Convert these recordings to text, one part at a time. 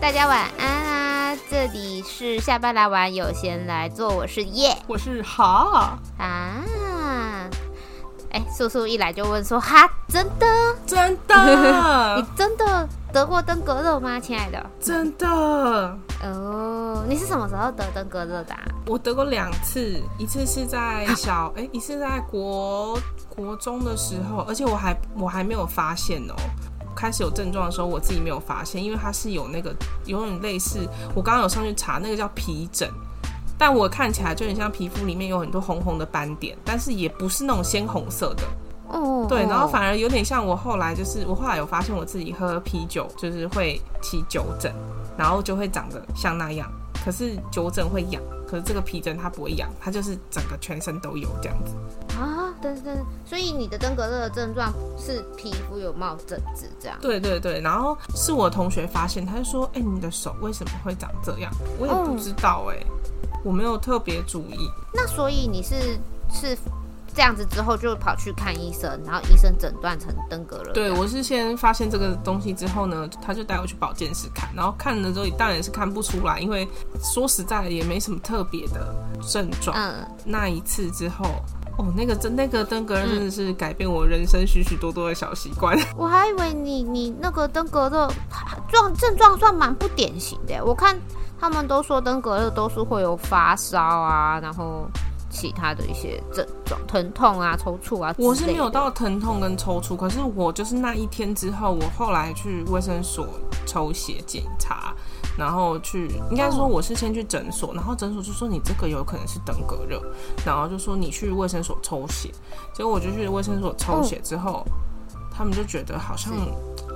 大家晚安啊！這裡是下班來玩，有閒來坐，我是耶、yeah，我是哈啊！哎、欸，素素一來就問說哈，真的，真的， 你真的得過登革熱嗎，親愛的？真的。哦、oh，你是什麼時候得登革熱的、啊？我得過兩次，一次是在小，哎、欸，一次在國國中的時候，而且我還我還沒有發現哦、喔，開始有症狀的時候我自己沒有發現，因為它是有那個有點類似，我剛剛有上去查，那個叫皮疹，但我看起來就很像皮膚裡面有很多紅紅的斑點，但是也不是那種鮮紅色的。哦，對，然後反而有點像我後來就是，我後來有發現我自己喝啤酒就是會起酒疹，然後就會長得像那樣。可是酒疹會癢，可是這個皮疹它不會癢，它就是整個全身都有這樣子啊。等等，所以你的登革熱的症狀是皮膚有冒疹子這樣？對對對，然後是我同學發現，他就說：“欸，你的手為什麼會長這樣？”我也不知道欸，嗯，我沒有特別注意。那所以你是是。這樣子之後就跑去看醫生，然後醫生診斷成登革熱。對，我是先發現這個東西之後呢，他就帶我去保健室看，然後看了之後當然是看不出來，因為說實在的也沒什麼特別的症狀。嗯，那一次之後，哦，喔，那個真那個登革熱真的是改變我人生許許多多的小習慣。嗯。我還以為你你那個登革熱狀症狀算蠻不典型的，我看他們都說登革熱都是會有發燒啊，然後。其他的一些症狀，疼痛啊、抽搐啊，我是沒有到疼痛跟抽搐。可是我就是那一天之後，我後來去衛生所抽血檢查，然後去，應該說我是先去診所、哦，然後診所就說你這個有可能是登革熱，然後就說你去衛生所抽血。結果我就去衛生所抽血之後、嗯，他們就覺得好像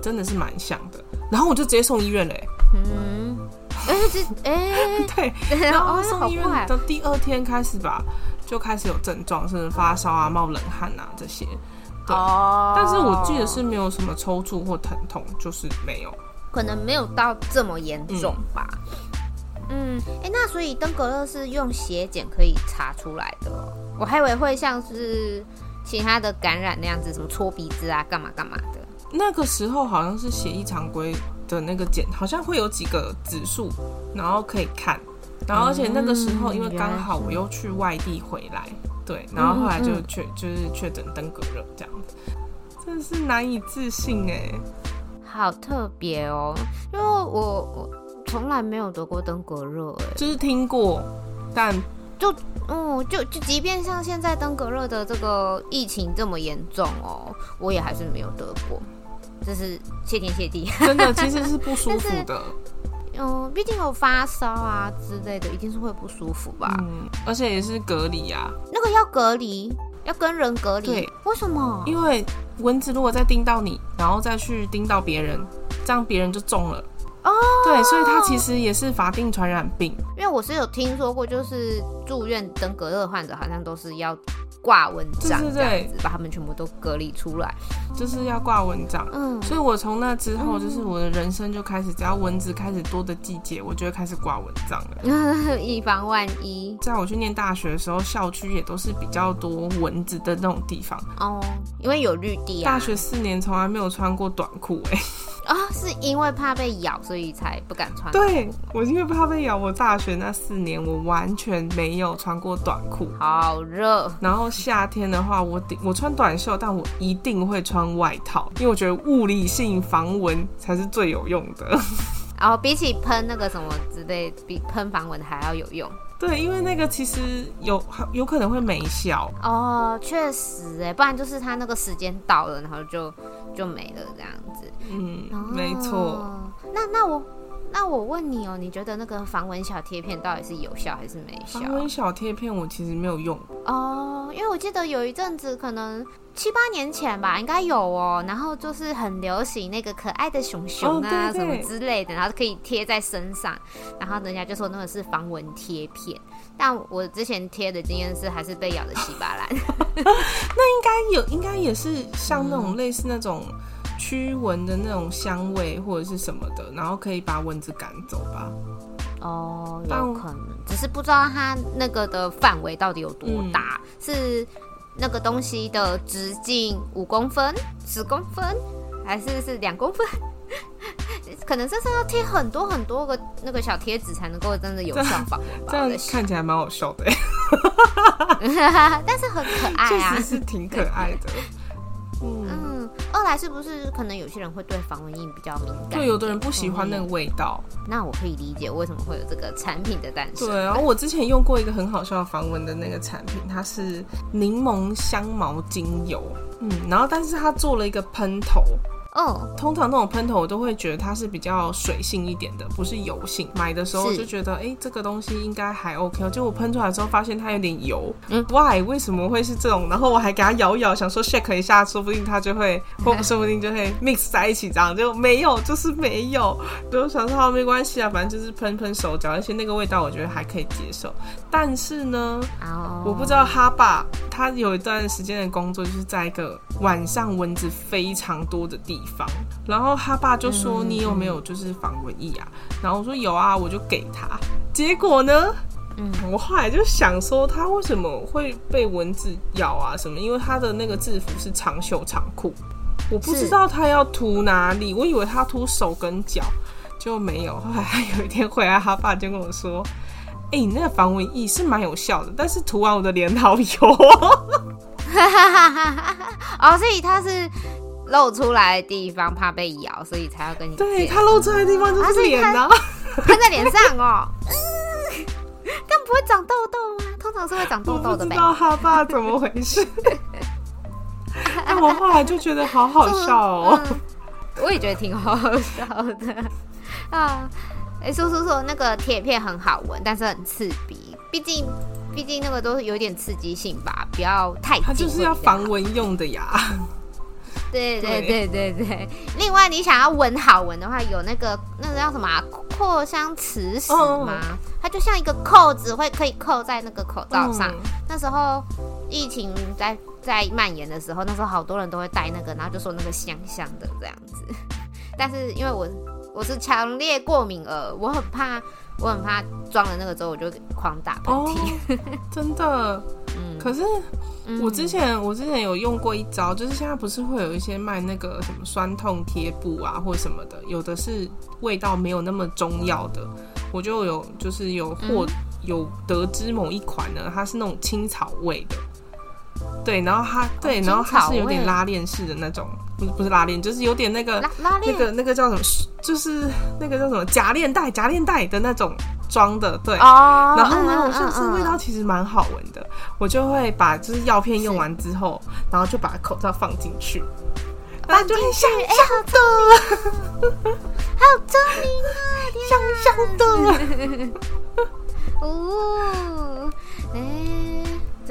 真的是蠻像的，然後我就直接送醫院了、欸。嗯哎、欸，這，哎，對，然後上醫院，到第二天開始吧，就開始有症狀，甚至發燒啊、冒冷汗啊這些，對。哦，但是我記得是沒有什麼抽搐或疼痛，就是沒有，可能沒有到這麼嚴重吧。嗯，哎、嗯欸，那所以登革熱是用血檢可以查出來的，我還以為會像是其他的感染那樣子，什麼搓鼻子啊、幹嘛幹嘛的。那個時候好像是血液常規的那個檢，好像會有幾個指數，然後可以看，然後而且那個時候因為剛好我又去外地回來，對，然後後來就確就是確診登革熱這樣子，真是難以置信欸，好特別哦，因為我我從來沒有得過登革熱欸，就是聽過，但就嗯就就即便像現在登革熱的這個疫情這麼嚴重哦，我也還是沒有得過。這是謝天謝地， 真的其實是不舒服的。嗯， 畢、呃、竟有發燒啊，之類的，嗯，一定是會不舒服吧。嗯，而且也是隔離呀，啊，那個要隔離，要跟人隔離。對，為什麼？因為蚊子如果再叮到你，然後再去叮到別人，這樣別人就中了。哦。對，所以它其實也是法定傳染病。因為我是有聽說過，就是住院登革熱患者好像都是要。掛蚊帳，這是對對，把它們全部都隔離出來，就是要掛蚊帳。嗯，所以我從那之後，就是我的人生就開始，只要蚊子開始多的季節，我就會開始掛蚊帳了，以 防萬一。在我去念大學的時候，校區也都是比較多蚊子的那種地方哦，oh, 因為有綠地啊。大學四年從來沒有穿過短褲哎、欸。啊、哦，是因為怕被咬，所以才不敢穿。對，我是因為怕被咬，我大學那四年我完全沒有穿過短褲，好熱。然後夏天的話我，我頂我穿短袖，但我一定會穿外套，因為我覺得物理性防蚊才是最有用的。然後，哦，比起噴那個什麼之類，比噴防蚊還要有用。對，因為那個其實有有可能會沒效哦，確實誒，不然就是他那個時間到了，然後就就沒了這樣子，嗯，哦、沒錯。那那我。那我問你哦、喔，你覺得那個防蚊小貼片到底是有效還是沒效？防蚊小貼片我其實沒有用哦，因為我記得有一陣子，可能七八年前吧，應該有哦、喔。然後就是很流行那個可愛的熊熊啊什麼之類的，哦、對對對，然後可以貼在身上，然後人家就說那個是防蚊貼片。但我之前貼的經驗是，還是被咬得稀巴爛。嗯、 那應該有，應該也是像那種類似那種、嗯。驅蚊的那種香味或者是什麼的，然後可以把蚊子趕走吧？哦，有可能，只是不知道它那個的範圍到底有多大，嗯,是那個東西的直徑五公分、十公分，還是是兩公分？可能真是要貼很多很多個那個小貼紙才能夠真的有效防蚊吧？這樣，這樣看起來蠻好笑的， 但是很可愛啊，確實是挺可愛的。 後來是不是可能有些人會對防蚊印比較敏感？對，有的人不喜歡那個味道，嗯。那我可以理解為什麼會有這個產品的誕生。對，然後我之前用過一個很好笑的防蚊的那個產品，它是檸檬香茅精油。嗯，然後但是它做了一個噴頭。哦、oh., 通常那種噴頭我都會覺得它是比較水性一點的，不是油性。買的時候我就覺得，哎、欸，這個東西應該還 OK、喔。就我噴出來之後，發現它有點油。嗯，Why？為什麼會是這種？然後我還給它咬咬，想說 shake 一下，說不定它就會，或說不定就會 mix 在一起，這樣就沒有，就是沒有。然後想說、啊、沒關係啊，反正就是噴噴手腳，而且那個味道我覺得還可以接受。但是呢，哦、oh.，我不知道哈爸，他有一段時間的工作就是在一個晚上蚊子非常多的地防，然後他爸就說：“你有沒有就是防蚊液啊？”然後我說：“有啊，我就給他。”結果呢，嗯，我後來就想說，他為什麼會被蚊子咬啊？什麼？因為他的那個制服是長袖長褲，我不知道他要塗哪裡。我以為他塗手跟腳，就沒有。後來他有一天回來，他爸就跟我說：“哎，你那個防蚊液是蠻有效的，但是塗完我的臉好油 ”哦。’所以他是。露出來的地方怕被咬，所以才要跟你對。對，他露出來的地方就是臉吶，噴在臉上哦。呵呵嗯，但不會長痘痘啊，通常是會長痘痘的。不知道他爸怎麼回事。但我後來就覺得好好笑哦。啊啊啊啊嗯嗯、我也覺得挺好好笑的啊。哎、嗯嗯欸，說說說，那個鐵片很好聞，但是很刺鼻。畢竟，畢竟那個都是有點刺激性吧，不要太就是要防蚊用的呀。對對對對對,對，另外你想要聞好聞的話，有那個那個叫什麼啊、擴香磁石嗎？Oh. 它就像一個扣子，會可以扣在那個口罩上。Oh. 那時候疫情在在蔓延的時候，那時候好多人都會戴那個，然後就說那個香香的這樣子。但是因為我我是強烈過敏而我很怕，我很怕裝了那個之後我就狂打噴嚏。Oh. 真的、嗯，可是。我之前我之前有用過一招，就是現在不是會有一些賣那個什麼酸痛貼布啊，或什麼的，有的是味道沒有那麼中藥的，我就有就是有獲有得知某一款呢，它是那種青草味的，對，然後它、哦、對，然後它是有點拉鏈式的那種。哦不是拉鏈，就是有點那個拉拉鏈，那個那個叫什麼，就是那個叫什麼夾鏈袋，夾鏈袋的那種裝的，對。Oh, 然後呢，uh, uh, uh, uh. 我上次味道其實蠻好聞的，我就會把就是藥片用完之後，然後就把口罩放進去，那就香香的了。欸，好聰明啊，香 香、啊、的了。 嗯嗯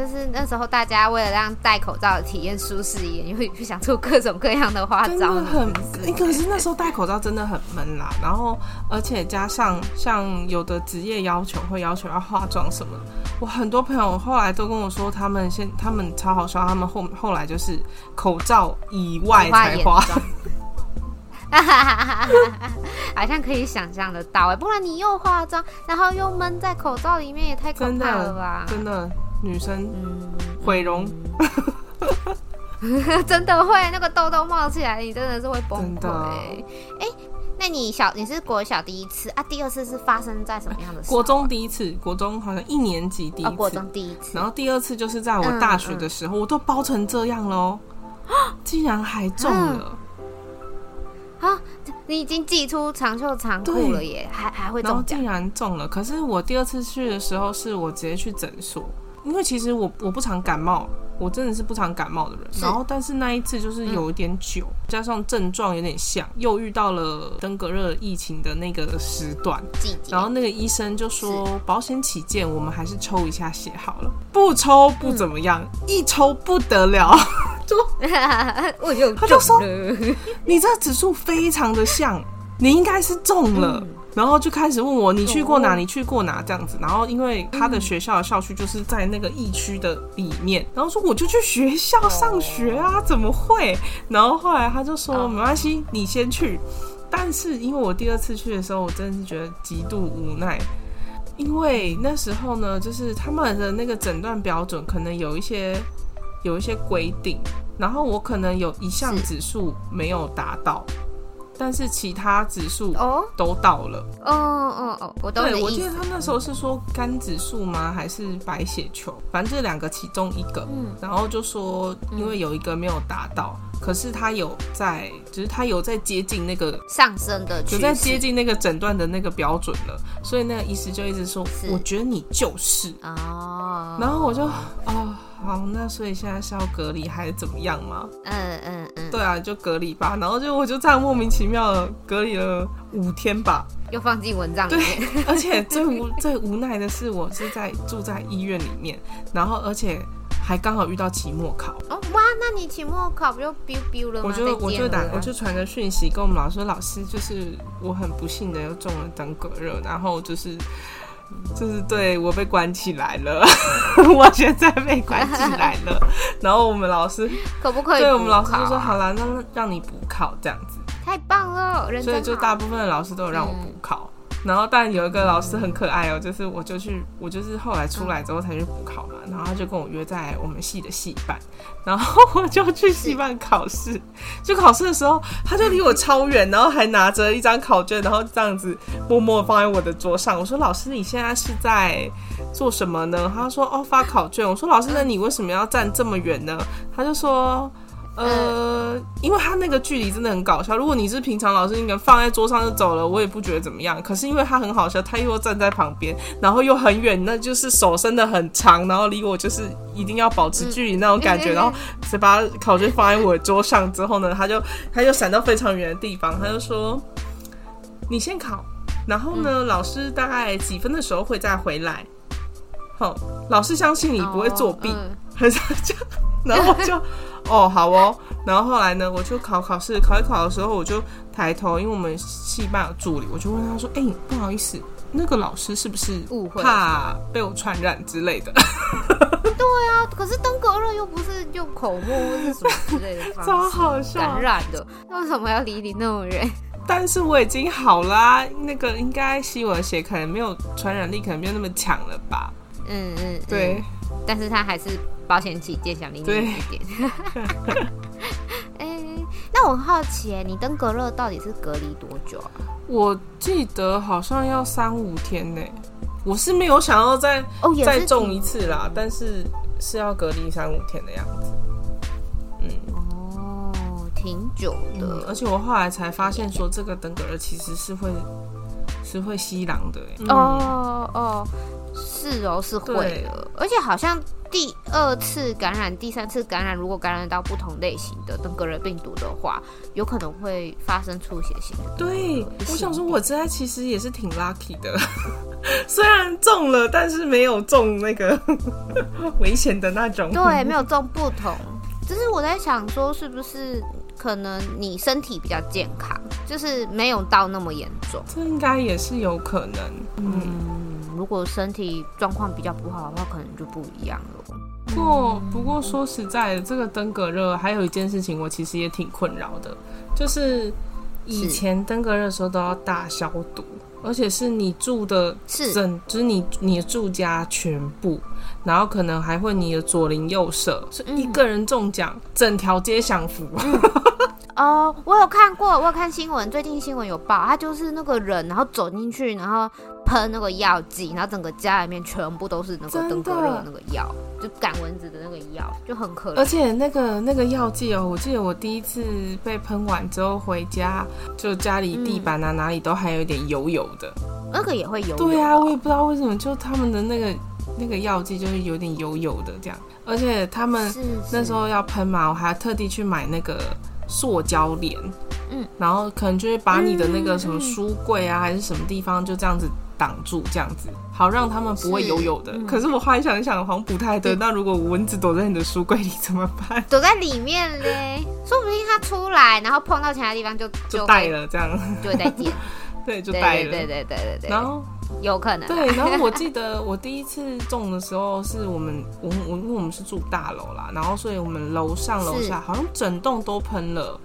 就是那時候，大家為了讓戴口罩的體驗舒適一點，會想出各種各樣的化妝。真的很、欸，可是那時候戴口罩真的很悶啦。 然後，而且加上像有的職業要求會要求要化妝什麼。我很多朋友後來都跟我說，他們先他們超好笑，他們後後來就是口罩以外才化妝。化妝 好像可以想象得到哎、欸，不然你又化妝，然後又悶在口罩裡面，也太可怕了吧？真的。真的女生毀容， 真的會那個痘痘冒起來，你真的是會崩潰。哎、欸，那你小你是國小第一次啊？第二次是發生在什麼樣的時候？國中第一次，國中好像一年級第一次。哦、國中第一次，然後第二次就是在我大學的時候，嗯、我都包成這樣囉、嗯，竟然還中了、嗯啊！你已經寄出長袖長褲了耶，還還會中然竟然中了！可是我第二次去的時候，是我直接去診所。因為其實我我不常感冒，我真的是不常感冒的人。然後，但是那一次就是有一點久、嗯，加上症狀有點像，又遇到了登革熱疫情的那個時段。然後那個醫生就說，保險起見，我們還是抽一下血好了。不抽不怎麼樣，嗯、一抽不得了。 他就說， 你這指數非常的像，你應該是中了。嗯然後就開始問我，你去過哪？你去過哪？這樣子。然後因為他的學校的校區就是在那個疫區的裡面，然後說我就去學校上學啊，怎麼會？然後後來他就說沒關係，你先去。但是因為我第二次去的時候，我真的是覺得極度無奈，因為那時候呢，就是他們的那個診斷標準可能有一些有一些規定，然後我可能有一項指數沒有達到。但是其他指數都到了。哦哦哦，我都。對，我記得他那時候是說肝指數嗎、嗯？還是白血球？反正這兩個其中一個。嗯。然後就說，因為有一個沒有達到、嗯，可是他有在，只、就是他有在接近那個上升的趨勢就有、是、在接近那個診斷的那個標準了。所以那個醫師就一直說，我覺得你就是。啊、oh.。然後我就哦。Oh. 好，那所以現在是要隔離還是怎麼樣嗎？嗯嗯嗯，對啊，就隔離吧。然後就我就這樣莫名其妙的隔離了五天吧。又放進蚊帳裡面。對，而且最無 最無奈的是，我是在住在醫院裡面，然後而且還剛好遇到期末考。哦哇，那你期末考不就 biu biu 了嗎？我就我就打，我就傳個訊息跟我們老師說，老師就是我很不幸的又中了登革熱，然後就是。就是對，我被關起來了，嗯、 我現在被關起來了。 然後我們老師，可不可以？對，我們老師就說好啦，那讓，讓你補考這樣子。太棒了。所以就大部分的老師都有讓我補考。嗯然後，但有一個老師很可愛哦，就是我就去，我就是後來出來之後才去補考嘛，然後他就跟我約在我們系的系辦，然後我就去系辦考試。就考試的時候，他就離我超遠，然後還拿着一張考卷，然後這樣子默默放在我的桌上。我說：“老師，你現在是在做什麼呢？”他說：“哦，發考卷。”我說：“老師，那你為什麼要站這麼遠呢？”他就說：呃，因為他那個距離真的很搞笑。如果你是平常老師，應該放在桌上就走了，我也不覺得怎麼樣。可是因為他很好笑，他又站在旁邊，然後又很遠，那就是手伸得很長，然後離我就是一定要保持距離那種感覺。嗯、然後誰把考卷放在我的桌上之後呢，他就他就閃到非常遠的地方、嗯，他就說：“你先考。”然後呢、嗯，老師大概幾分的時候會再回來？好、嗯，老師相信你不會作弊，好像就然後就。 哦，好哦。然後後來呢，我就考考試，考一考的時候，我就抬頭，因為我們戲班有助理，我就問他說：“哎、欸，不好意思，那個老師是不是誤會，怕被我傳染之類的？” 對啊，可是登革熱又不是用口沫或是什麼之類的方式感染的，啊、那為什麼要離你那麼遠？但是我已經好啦、啊，那個應該吸我的血，可能沒有傳染力，可能沒有那麼強了吧？嗯嗯，嗯，對。但是他還是保險起見，小心一點。 欸、那我很好奇你登革熱到底是隔離多久啊？我記得好像要三五天呢。我是沒有想要再、哦、再種一次啦，嗯、但是是要隔離三五天的樣子。嗯，哦，挺久的。嗯、而且我後來才發現，說這個登革熱其實是會是會吸狼的、嗯。哦哦。是哦，是會的，而且好像第二次感染、第三次感染，如果感染到不同類型的登革熱病毒的話，有可能會發生出血性。對，我想說，我這其實也是挺 lucky 的， 雖然中了，但是沒有中那個 危險的那種。對，沒有中不同，只是我在想說，是不是可能你身體比較健康，就是沒有到那麼嚴重。這應該也是有可能，嗯。嗯如果身體狀況比較不好的話，可能就不一樣了。不過，不過說實在的，這個登革熱還有一件事情，我其實也挺困擾的，就是以前登革熱的時候都要大消毒，而且是你住的整，是就是你你的住家全部，然後可能還會你的左鄰右舍是，是一個人中獎，嗯，整條街享福。哦、 呃，我有看過，我有看新聞，最近新聞有報，他就是那個人，然後走進去，然後。噴那個藥劑，然後整個家裡面全部都是那個登革熱的那個藥，就趕蚊子的那個藥，就很可憐。而且那個那個藥劑哦，我記得我第一次被噴完之後回家，就家裡地板啊、嗯、哪裡都還有點油油的。那個也會油油喔。對啊，我也不知道為什麼，就他們的那個那個藥劑就是有點油油的這樣。而且他們那時候要噴嘛，我還要特地去買那個塑膠簾。嗯，然後可能就是把你的那個什麼書櫃啊、嗯，還是什麼地方，就這樣子。擋住這樣子，好讓他們不會游泳的。是可是我後來想一想，好像不太對，嗯、那如果蚊子躲在你的書櫃裡怎麼辦？躲在裡面嘞， 說不定它出來，然後碰到其他地方就就帶了，這樣 就會帶進。對，就帶了，對對對對對，對，對，對，對然後有可能。對，然後我記得我第一次中的時候，是我們 我我因為我們是住大樓啦，然後所以我們樓上樓下好像整棟都噴了，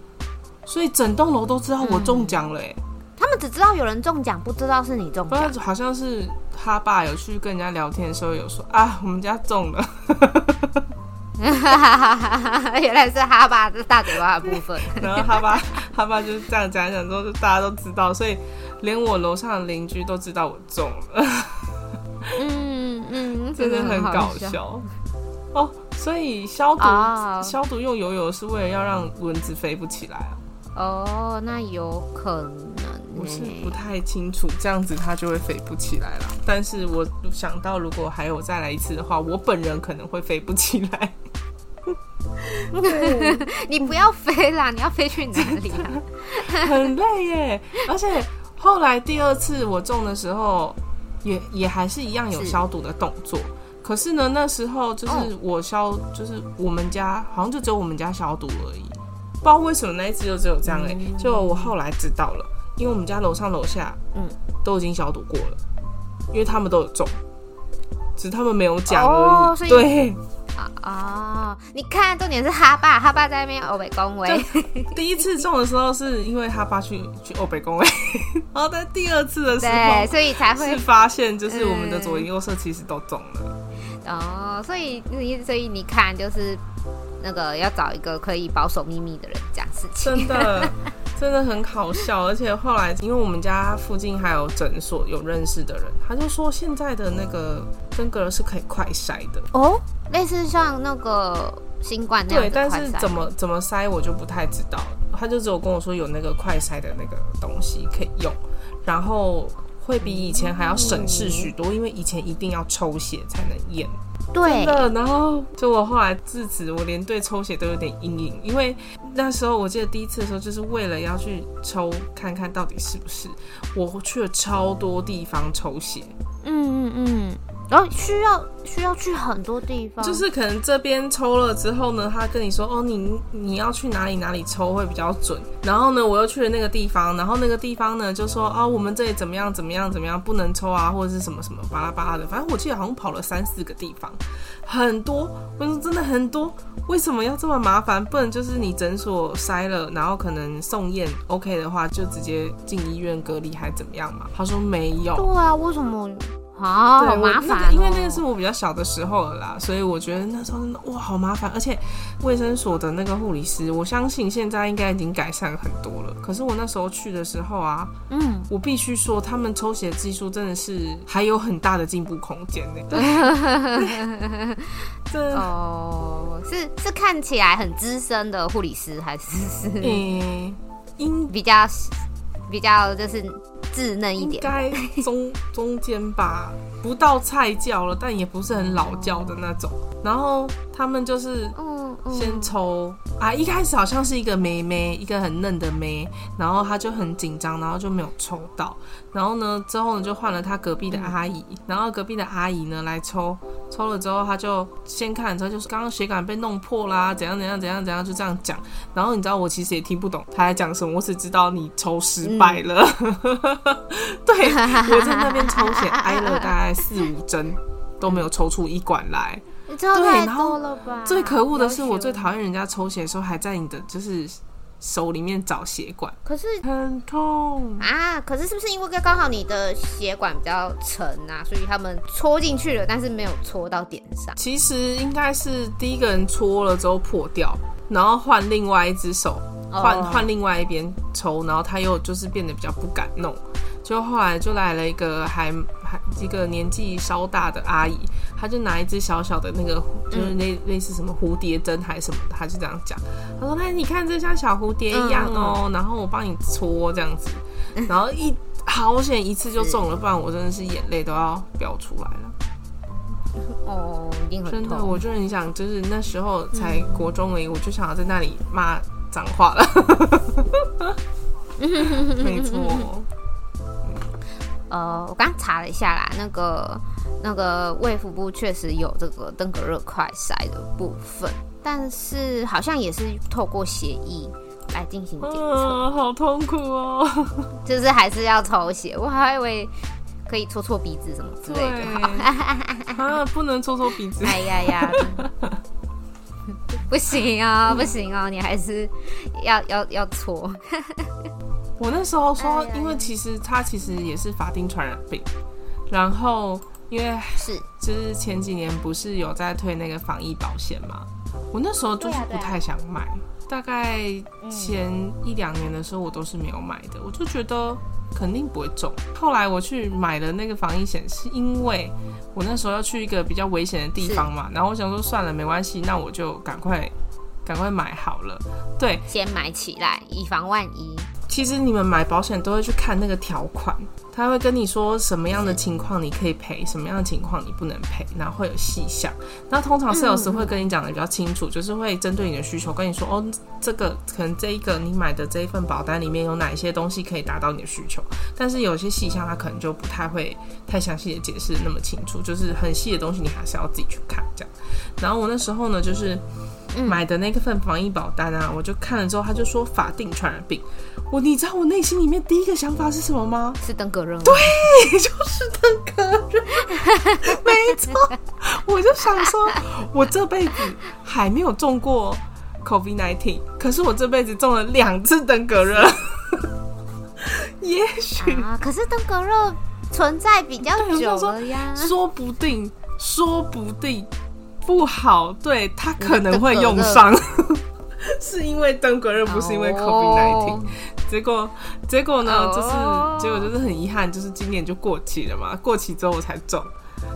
所以整棟樓都知道我中獎了、欸。嗯他們只知道有人中獎，不知道是你中。不好像是哈爸有去跟人家聊天的時候有說啊，我們家中了。 原來是哈爸，這大嘴巴的部分。 然後哈爸，哈爸就是這樣講講，之後大家都知道，所以連我樓上的鄰居都知道我中了。嗯 嗯，真、嗯、的很搞笑哦。所以消毒、oh. 消毒用油油是為了要讓蚊子飛不起來啊。哦、oh，那有可能，我是不太清楚，這樣子它就會飛不起來了。但是我想到，如果還有再來一次的話，我本人可能會飛不起來。 你不要飛啦，你要飛去哪裡啊？很累耶。 而且後來第二次我種的時候，也也還是一樣有消毒的動作。可是呢，那時候就是我消，就是我們家 oh. 好像就只有我們家消毒而已。不知道為什麼那一次就只有這樣哎、欸嗯，就我後來知道了，因為我們家樓上樓下嗯都已經消毒過了，因為他們都有中，只是他們沒有講而已。對啊、哦、你看，重點是哈爸，哈爸在那邊歐北宮威。第一次中的時候是因為哈爸去去歐北宮威， 然後在第二次的時候，所以才會是發現就是我們的左鄰右舍其實都中了、嗯、哦，所以你所以你看就是。那個要找一個可以保守秘密的人講事情，真，真的真的很搞笑。 而且後來，因為我們家附近還有診所有認識的人，他就說現在的那個登革是可以快篩的哦，類似像那個新冠那樣子，對。但是怎麼怎麼篩我就不太知道了，他就只有跟我說有那個快篩的那個東西可以用，然後會比以前還要省事許多，因為以前一定要抽血才能驗。對的，然後就我後來自此，我連對抽血都有點陰影，因為那時候我記得第一次的時候，就是為了要去抽看看到底是不是，我去了超多地方抽血，嗯嗯嗯。嗯然、哦、後需要需要去很多地方，就是可能這邊抽了之後呢，他跟你說哦，你你要去哪裡哪裡抽會比較準。然後呢，我又去了那個地方，然後那個地方呢就說啊、哦，我們這裡怎麼樣怎麼樣怎麼樣不能抽啊，或者是什麼什麼巴拉巴拉的。反正我記得好像跑了三四個地方，很多，我說真的很多，為什麼要這麼麻煩？不能就是你診所篩了，然後可能送驗 OK 的話就直接進醫院隔離還怎麼樣嘛？他說沒有。對啊，為什麼？哦，oh,，好麻煩哦，那個。因為那個是我比較小的時候了啦，所以我覺得那時候真的哇，好麻煩。而且衛生所的那個護理師，我相信現在應該已經改善很多了。可是我那時候去的時候啊，嗯，我必須說，他們抽血技術真的是還有很大的進步空間呢。對哦， oh, 是是看起來很資深的護理師，還是嗯，嗯因，比較。比較就是稚嫩一點，該 中中間吧。不到菜叫了，但也不是很老叫的那種。然後他們就是，嗯，先、嗯、抽啊，一開始好像是一個妹妹，一個很嫩的妹，然後她就很緊張，然後就沒有抽到。然後呢，之後呢就換了她隔壁的阿姨、嗯，然後隔壁的阿姨呢來抽，抽了之後她就先看，之後就是剛剛血管被弄破啦、啊，怎樣怎樣怎樣怎樣，就這樣講。然後你知道我其實也聽不懂他在講什麼，我只知道你抽失敗了。嗯、 對我 在那邊抽血，挨 了，大家。四五針都沒有抽出一管來，對，然後最可惡的是，我最討厭人家抽血的時候還在你的就是手裡面找血管，可是很痛啊！可是是不是因為剛好你的血管比較沉啊，所以他們戳進去了，但是沒有戳到點上？其實應該是第一個人戳了之後破掉，然後換另外一隻手，換換另外一邊抽，然後他又就是變得比較不敢弄，就後來就來了一個還。幾個年紀稍大的阿姨，她就拿一隻小小的那個，就是類類似什麼蝴蝶針還是什麼的，她就這樣講。她說：“那你看這像小蝴蝶一樣哦、喔嗯嗯嗯，然後我幫你搓這樣子，然後一好險一次就中了，不然我真的是眼淚都要飆出來了。哦”哦，一定很痛，真的，我就很想，就是那時候才國中而已、嗯，我就想要在那裡罵髒話了。 沒錯。呃，我剛剛查了一下啦，那個那個衛福部確實有這個登革熱快篩的部分，但是好像也是透過血液來進行檢測，好痛苦哦！ 就是還是要抽血，我還以為可以搓搓鼻子什麼之類的，啊， 不能搓搓鼻子， 哎呀呀， 不行啊、哦，不行啊、哦，你還是要要要搓。 我那時候說，因為其實它其實也是法定傳染病，然後因為是就是前幾年不是有在推那個防疫保險嘛，我那時候就是不太想買，大概前一兩年的時候我都是沒有買的，我就覺得肯定不會中。後來我去買了那個防疫險，是因為我那時候要去一個比較危險的地方嘛，然後我想說算了沒關係，那我就趕快趕快買好了，對，先買起來以防萬一。其實你們買保險都會去看那個條款，他會跟你說什麼樣的情況你可以賠，什麼樣的情況你不能賠，然後會有細項。那通常是有時會跟你講的比較清楚，嗯、就是會針對你的需求跟你說，哦，這個可能這一個你買的這一份保單裡面有哪一些東西可以達到你的需求，但是有些細項他可能就不太會太詳細的解釋那麼清楚，就是很細的東西你還是要自己去看這樣。然後我那時候呢，就是。嗯、買的那個份防疫保單啊，我就看了之後，他就說法定傳染病。我，你知道我內心裡面第一個想法是什麼嗎？是登革熱。對，就是登革熱， 沒錯。我就想說，我這輩子還沒有中過 COVID-19，可是我這輩子中了兩次登革熱。 也許啊，可是登革熱存在比較久了呀說，說不定，說不定。不好，對他可能會用上，嗯、登革熱 是因為登革熱，不是因為 COVID 19。哦、結果，結果呢，就是結果就是很遺憾，就是今年就過期了嘛。過期之後我才中，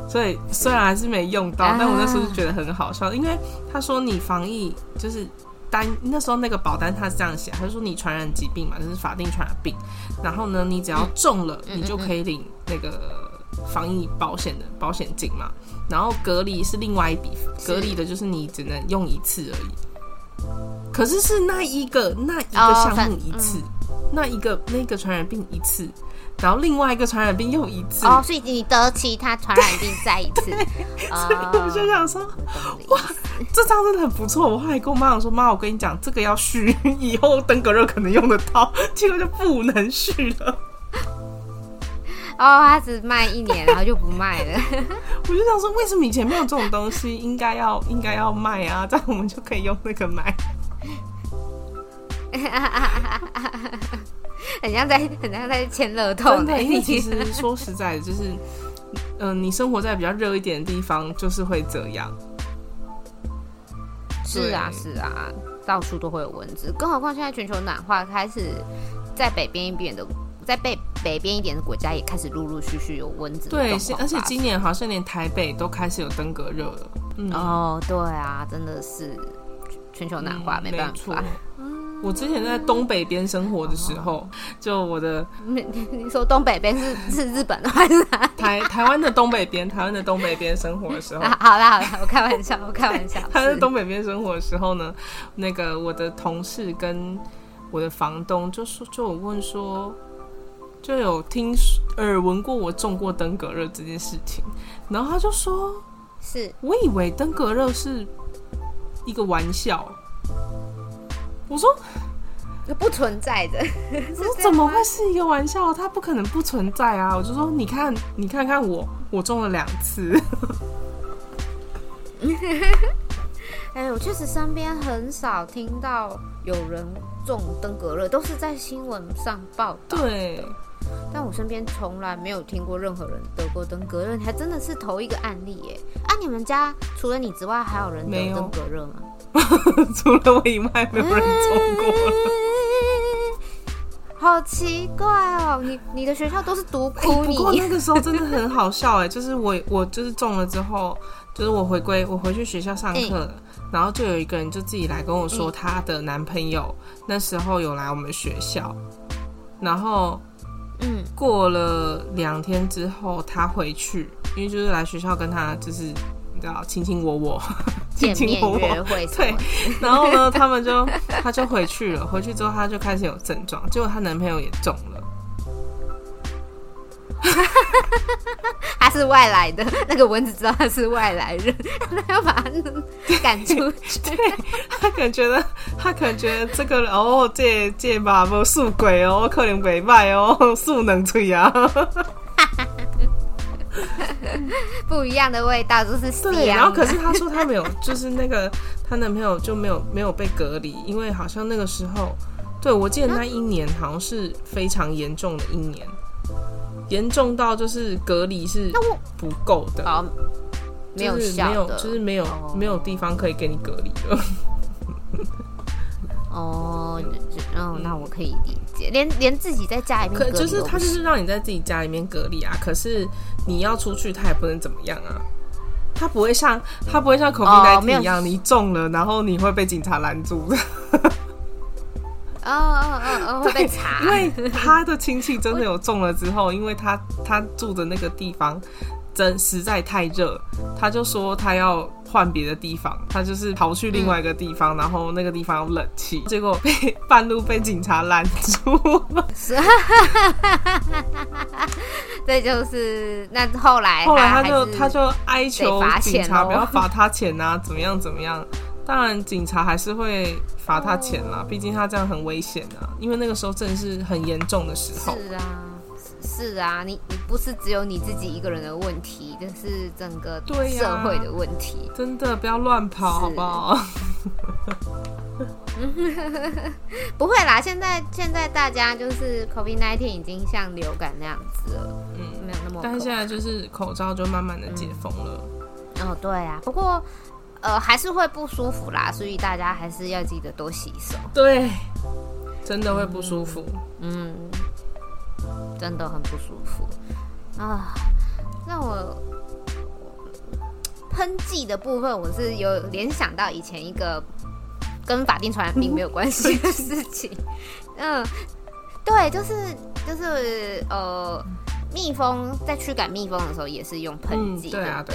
所以雖然還是沒用到，嗯、但我那時候就覺得很好笑，啊、因為他說你防疫就是單那時候那個保單他是這樣寫，他說你傳染疾病嘛，就是法定傳染病，然後呢你只要中了，嗯，你就可以領那個防疫保險的保險金嘛。然後隔離是另外一筆，隔離的就是你只能用一次而已。是，可是是那一個那一個項目一次，那一個一、oh, 嗯、那一個傳染病一次，然後另外一個傳染病又一次。哦、oh,，所以你得其他傳染病再一次。Oh, 所以我就想說， 哇，這張真的很不錯。我後來跟我媽講說，媽，我跟你講，這個要續，以後登革熱可能用得到，結果就不能續了。哦，它只賣一年，然後就不賣了。 我就想說，為什麼以前沒有這種東西？應該要，應該要賣啊！這樣我們就可以用那個賣。 很像在，很像在簽樂透。對，真的，你其實說實在的，就是，嗯、呃，你生活在比較熱一點的地方，就是會這樣。是啊，是啊，到處都會有蚊子，更何況現在全球暖化開始，在北邊一邊的，在北。北邊一點的國家也開始陸陸續續有蚊子的。對，而且今年好像連台北都開始有登革熱了、嗯。哦，對啊，真的是全球暖化，沒辦法、嗯、沒錯。我之前在東北邊生活的時候，嗯、就我的，你,你,你說東北邊是 是日本的還是台台灣的東北邊？台灣的東北邊生活的時候， 啊、好啦好啦，我開玩笑，我開玩笑。他在東北邊生活的時候呢， 那個我的同事跟我的房東就說，就我問說。就有聽耳聞過我中過登革熱這件事情，然後他就說：“是我以為登革熱是一個玩笑。”我說：“不存在的，怎麼怎麼會是一個玩笑？他不可能不存在啊！”我就說：“你看，你看看我，我中了兩次。 ”哎、 欸，我確實身邊很少聽到有人中登革熱，都是在新聞上報道。對。但我身邊從來沒有聽過任何人得過登革熱，你還真的是頭一個案例耶，欸！啊，你們家除了你之外還有人得過登革熱嗎，哦呵呵？除了我以外沒有人中過了，欸，好奇怪哦！你你的學校都是獨孤，欸？不過那個時候真的很好笑哎，欸， 就是我我就是中了之後，就是我回歸我回去學校上課，欸，然後就有一個人就自己來跟我說，她的男朋友，欸，那時候有來我們學校，然後。嗯，過了兩天之後，他回去，因為就是來學校跟他，就是你知道卿卿我我，卿 卿我我，見面約會，對，然後呢， 他們就他就回去了，回去之後他就開始有症狀，結果她男朋友也中了。 他是外來的那個蚊子，知道他是外來人，他要 把他趕出去。他可能覺得，他可能覺得這個哦，這這嘛不素鬼哦，可能被賣哦，素能吹啊。 不一樣的味道就是、啊、對。然後可是他說他沒有，就是那個她男朋友就沒有沒有被隔離，因為好像那個時候，對，我記得那一年好像是非常嚴重的一年。嚴重到就是隔離是不夠的，沒有沒有就是沒有、啊沒有，就是沒有啊、沒有地方可以給你隔離了。哦、啊 嗯啊啊，那我可以理解，連連自己在家裡面隔離，就是他就是讓你在自己家裡面隔離啊。可是你要出去，他也不能怎麼樣啊。他不會像他不會像 COVID-19 一樣、嗯啊，你中了然後你會被警察攔住的。 哦哦哦哦！被查， 因為他的親戚真的有中了之後，因為他他住的那個地方真實在太熱，他就說他要換別的地方，他就是逃去另外一個地方，嗯、然後那個地方有冷氣，結果被半路被警察攔住。哈哈哈！了這就是那後來，後來他就他就哀求警察不要罰他錢啊， 怎麼樣怎麼樣？當然，警察還是會罰他錢啦。畢、oh. 竟他這樣很危險啊！因為那個時候正是很嚴重的時候。是啊，是，是啊，你你不是只有你自己一個人的問題，這是整個社會的問題。啊、真的不要亂跑，好不好？ 不會啦，現在現在大家就是 COVID-19 已經像流感那樣子了。嗯，沒有那麼。但現在就是口罩就慢慢的解封了。嗯、哦，對啊，不過。呃，還是會不舒服啦，所以大家還是要記得多洗手。對，真的會不舒服，嗯，嗯，真的很不舒服啊！那我噴劑的部分，我是有聯想到以前一個跟法定傳染病沒有關係的事情。嗯，對，就是就是呃，蜜蜂在驅趕蜜蜂的時候也是用噴劑。嗯，對啊，對。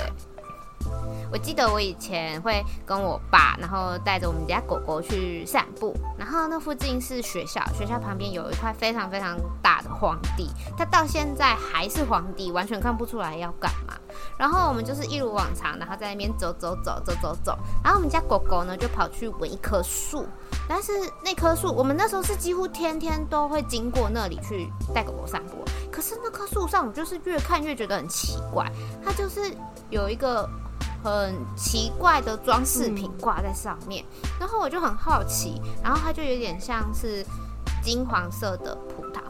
我記得我以前會跟我爸，然後帶着我們家狗狗去散步，然後那附近是學校，學校旁邊有一塊非常非常大的荒地，它到現在還是荒地，完全看不出來要幹嘛。然後我們就是一如往常，然後在那邊走走走走走走，然後我們家狗狗呢就跑去聞一棵樹，但是那棵樹，我們那時候是幾乎天天都會經過那裡去帶狗狗散步，可是那棵樹上，我就是越看越覺得很奇怪，它就是有一個。很奇怪的裝飾品掛在上面，嗯，然後我就很好奇，然後它就有點像是金黃色的葡萄。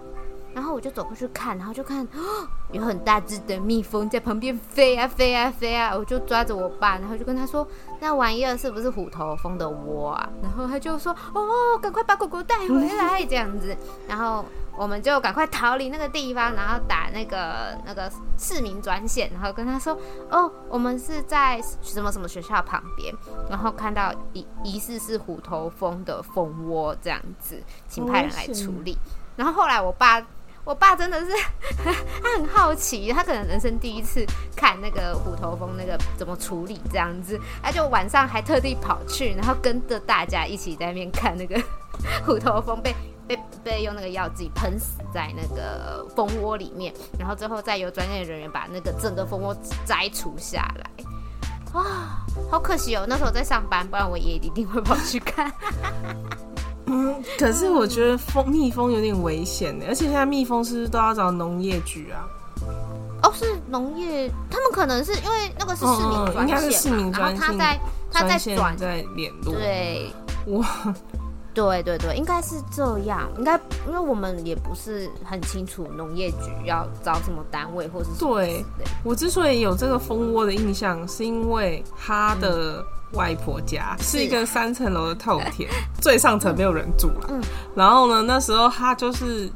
然後我就走過去看，然後就看，哦，有很大隻的蜜蜂在旁邊飛啊飛啊飛啊，我就抓着我爸，然後就跟他說，那玩意兒是不是虎頭蜂的窩啊？然後他就說，哦，趕快把狗狗帶回來這樣子。然後我們就趕快逃離那個地方，然後打那個那個市民專線，然後跟他說，哦，我們是在什麼什麼學校旁邊，然後看到疑似是虎頭蜂的蜂窩這樣子，請派人來處理。哦、然後後來我爸。我爸真的是， 他很好奇，他可能人生第一次看那個虎頭蜂，那個怎麼處理這樣子，他就晚上還特地跑去，然後跟着大家一起在那邊看那個虎頭蜂被被被用那個藥劑噴死在那個蜂窩裡面，然後最後再由專業人員把那個整個蜂窩摘除下來。啊、哦，好可惜哦！那時候在上班，不然我爺爺一定會跑去看。 嗯，可是我覺得蜂蜜蜂有點危險呢、嗯，而且現在蜜蜂是不是都要找農業局啊？哦，是農業，他們可能是因為那個是市民專、嗯嗯、民專業，然後他在，專業專業在他在轉，在聯絡，對哇，對對對，應該是這樣，應該因為我們也不是很清楚農業局要找什麼單位或是什麼。對，我之所以有這個蜂窩的印象，嗯、是因為它的。嗯外婆家是一個三層樓的透天，最上層沒有人住了，嗯嗯。然後呢，那時候他就是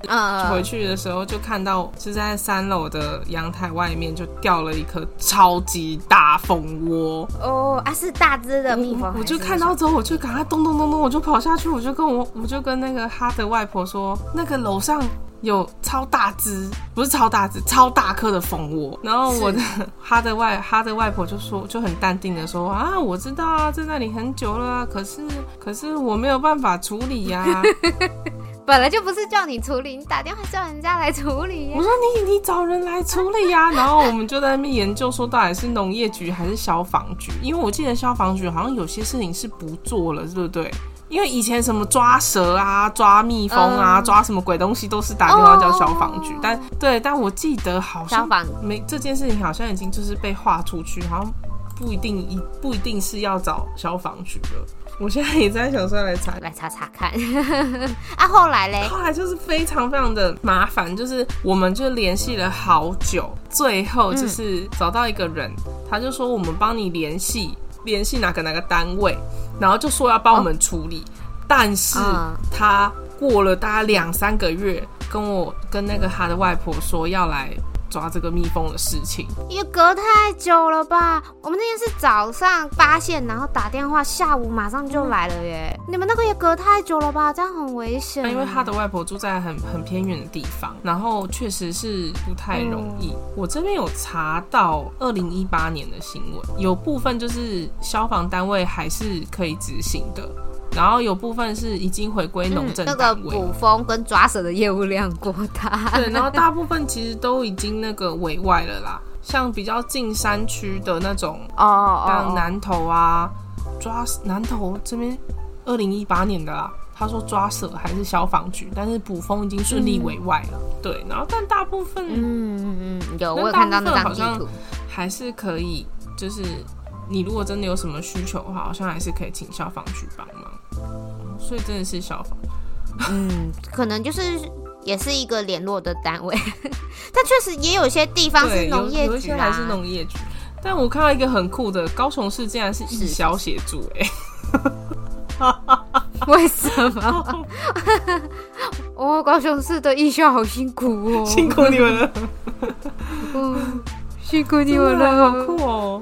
回去的時候就看到是在三樓的陽台外面就掉了一顆超級大蜂窩哦啊，是大隻的蜜蜂，蜂我。我就看到之後，我就趕快咚咚咚咚，我就跑下去，我就跟我我就跟那個他的外婆說，那個樓上。有超大隻，不是超大隻，超大顆的蜂窩。然後我的他的外他的外婆就說，就很淡定的說啊，我知道啊，在那裡很久了啊，可是可是我沒有辦法處理呀啊。 本來就不是叫你處理，你打電話叫人家來處理啊。我說你你找人來處理呀啊。然後我們就在那邊研究，說到底是農業局還是消防局？因為我記得消防局好像有些事情是不做了，對不對？因為以前什麼抓蛇啊、抓蜜蜂啊、嗯、抓什麼鬼東西，都是打電話叫消防局。哦、但對，但我記得好像沒這件事情，好像已經就是被劃出去，好像不一定一不一定是要找消防局了。我現在也在想說來查來查查看 啊。後來嘞，後來就是非常非常的麻煩，就是我們就聯繫了好久，最後就是找到一個人，嗯、他就說我們幫你聯繫。聯繫哪個哪個單位，然後就說要幫我們處理，oh. 但是他過了大概兩三個月，uh. 跟我跟那個他的外婆說要來。抓這個蜜蜂的事情也隔太久了吧？我們那天是早上發現，然後打電話，下午馬上就來了耶。嗯，你們那個也隔太久了吧？這樣很危險。啊，因為他的外婆住在很很偏遠的地方，然後確實是不太容易。嗯，我這邊有查到二零一八年的新聞，有部分就是消防單位還是可以執行的。然後有部分是已經回歸農政、嗯、那個捕蜂跟抓蛇的業務量過大，對，然後大部分其實都已經那個委外了啦，像比較近山區的那種，像、哦、南投啊、哦、抓南投這邊二零一八年的啦，他說抓蛇還是消防局，但是捕蜂已經順利委外了。嗯、對，然後但大部分嗯嗯有我看到好像還是可以，就是你如果真的有什麼需求的話，好像還是可以請消防局幫忙。所以真的是小房，嗯，可能就是也是一個聯絡的單位， 但確實也有些地方是農業局、啊，還是農業局。但我看到一個很酷的高雄市，竟然是義消協助，哎， 為什麼？ 哦，高雄市的義消好辛苦哦，辛苦你們了，嗯、哦，辛苦你們了，好酷。哦！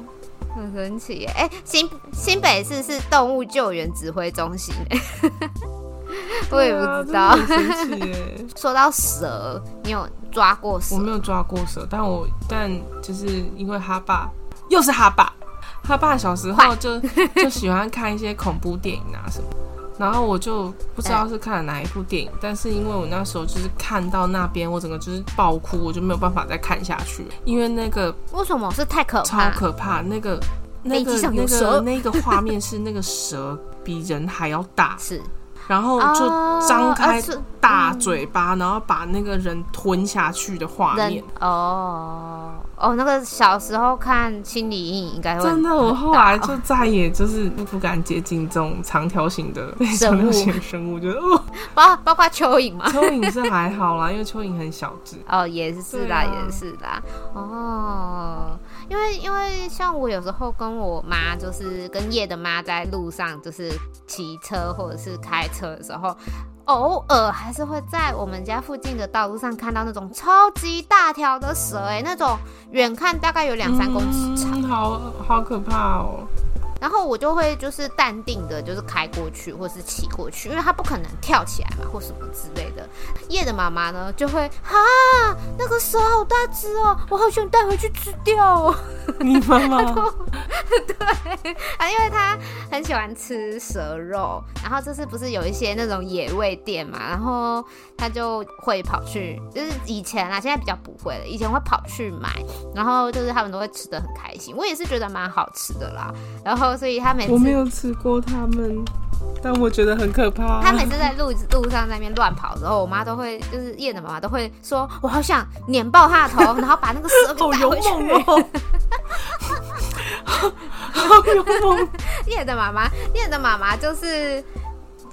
很神奇哎、欸，新新北市是動物救援指揮中心， 我也不知道。啊、神奇耶 說到蛇，你有抓過蛇？我沒有抓過蛇，但我但就是因為哈爸，又是哈爸，哈爸小時候就 就喜歡看一些恐怖電影啊什麼。然後我就不知道是看了哪一部電影、欸，但是因為我那時候就是看到那邊，我整個就是爆哭，我就沒有辦法再看下去。因為那個為什麼是太可怕，超可怕！嗯、那個那個那，那個那個畫面是那個蛇比人還要大，是，然後就張開大嘴巴，哦啊嗯、然後把那個人吞下去的畫面哦。哦，那個小時候看心理陰影應該會真的，我後來就再也就是不敢接近這種長條形的，對，長條形的生物。生物，我覺得哦，包括包括蚯蚓嘛。蚯蚓是還好啦， 因為蚯蚓很小只。哦，也是啦、啊，也是啦。哦，因為因為像我有時候跟我媽，就是跟葉的媽在路上，就是騎車或者是開車的時候。偶爾還是會在我們家附近的道路上看到那種超級大條的蛇，欸，那種遠看大概有兩三公尺長，嗯、好好可怕哦。然後我就會就是淡定的，就是開過去，或是騎過去，因為他不可能跳起來嘛，或什麼之類的。葉的媽媽呢，就會啊，那個蛇好大隻哦，我好想帶回去吃掉哦。你媽媽？對啊，因為他很喜歡吃蛇肉。然後這次不是有一些那種野味店嘛，然後他就會跑去，就是以前啊，現在比較不會了。以前會跑去買，然後就是他們都會吃得很開心，我也是覺得蠻好吃的啦。然後。所以他每次我沒有吃過他們，但我覺得很可怕啊。他每次在路路上在那邊亂跑的時候，我媽都會就是燕的媽媽都會說，我好想碾爆他的頭，然後把那個蛇給打回去。 好勇猛哦、喔！ 好勇猛 燕媽媽！燕的媽媽，葉的媽媽就是。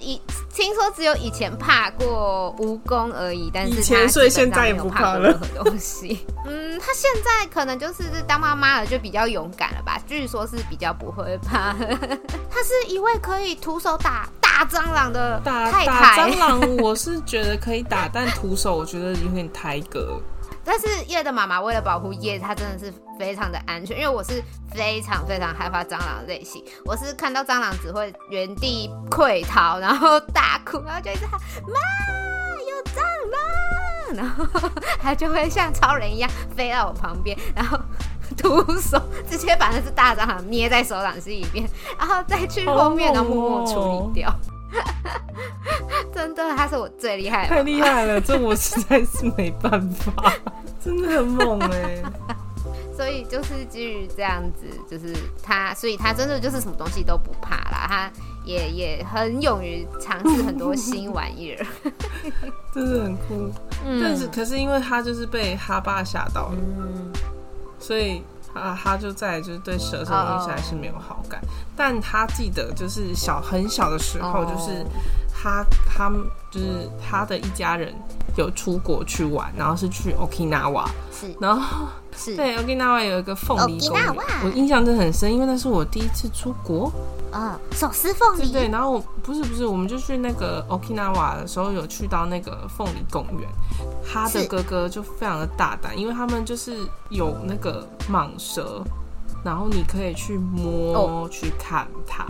以聽說只有以前怕過蜈蚣而已，但是他以前，所以現在也不怕了。東西，嗯，他現在可能就是是當媽媽了，就比較勇敢了吧？據說是比較不會怕。 他是一位可以徒手打大蟑螂的太太。打打蟑螂，我是覺得可以打，但徒手我覺得有點抬格。但是葉的媽媽為了保護葉，她真的是非常的安全。因為我是非常非常害怕蟑螂的類型，我是看到蟑螂只會原地潰逃，然後大哭，然後就一直喊媽，有蟑螂，然後她就會像超人一樣飛到我旁邊，然後徒手直接把那隻大蟑螂捏在手掌心裡邊，然後再去後面然後默默處理掉。 真的，他是我最厲害的。太厲害了，這我實在是沒辦法， 真的很猛哎。 所以就是基於這樣子，就是他，所以他真的就是什麼東西都不怕啦，他也也很勇於嘗試很多新玩意兒， 真的很酷。但是可是因為他就是被哈巴嚇到了，嗯、所以。啊，他就在就是對蛇這種東西還是沒有好感，oh. 但他記得就是小很小的時候，就是他、oh. 他,他就是他的一家人。有出國去玩，然後是去 Okinawa，是，然後是對 Okinawa 有一個鳳梨公園，我印象真的很深，因為那是我第一次出國。嗯、哦，手撕鳳梨。不對，然後不是不是，我們就去那個 Okinawa 的時候有去到那個鳳梨公園，他的哥哥就非常的大膽，因為他們就是有那個蟒蛇，然後你可以去摸、哦、去看它，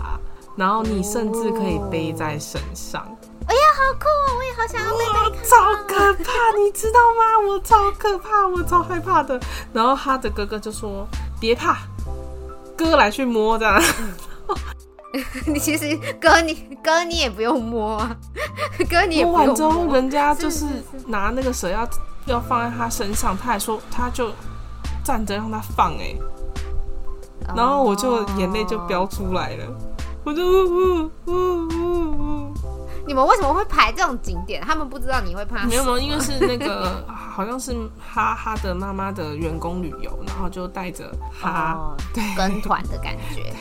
然後你甚至可以背在身上。哎呀，好酷哦！我也好想要。我、哦、超可怕， 你知道嗎？我超可怕，我超害怕的。然後他的哥哥就說：“別怕，哥來去摸這樣， 你其實哥你，哥你、啊、哥你也不用摸，哥你摸完之後，人家就是拿那個蛇要是是是要放在他身上，他還說他就站着讓他放哎、欸。然後我就眼淚就飆出來了，oh. 我就嗚嗚嗚嗚嗚。嗚嗚你們為什麼會排這種景點？他們不知道你會怕。沒有沒有，因為是那個 好像是哈哈的媽媽的員工旅遊，然後就帶着哈對跟團的感覺，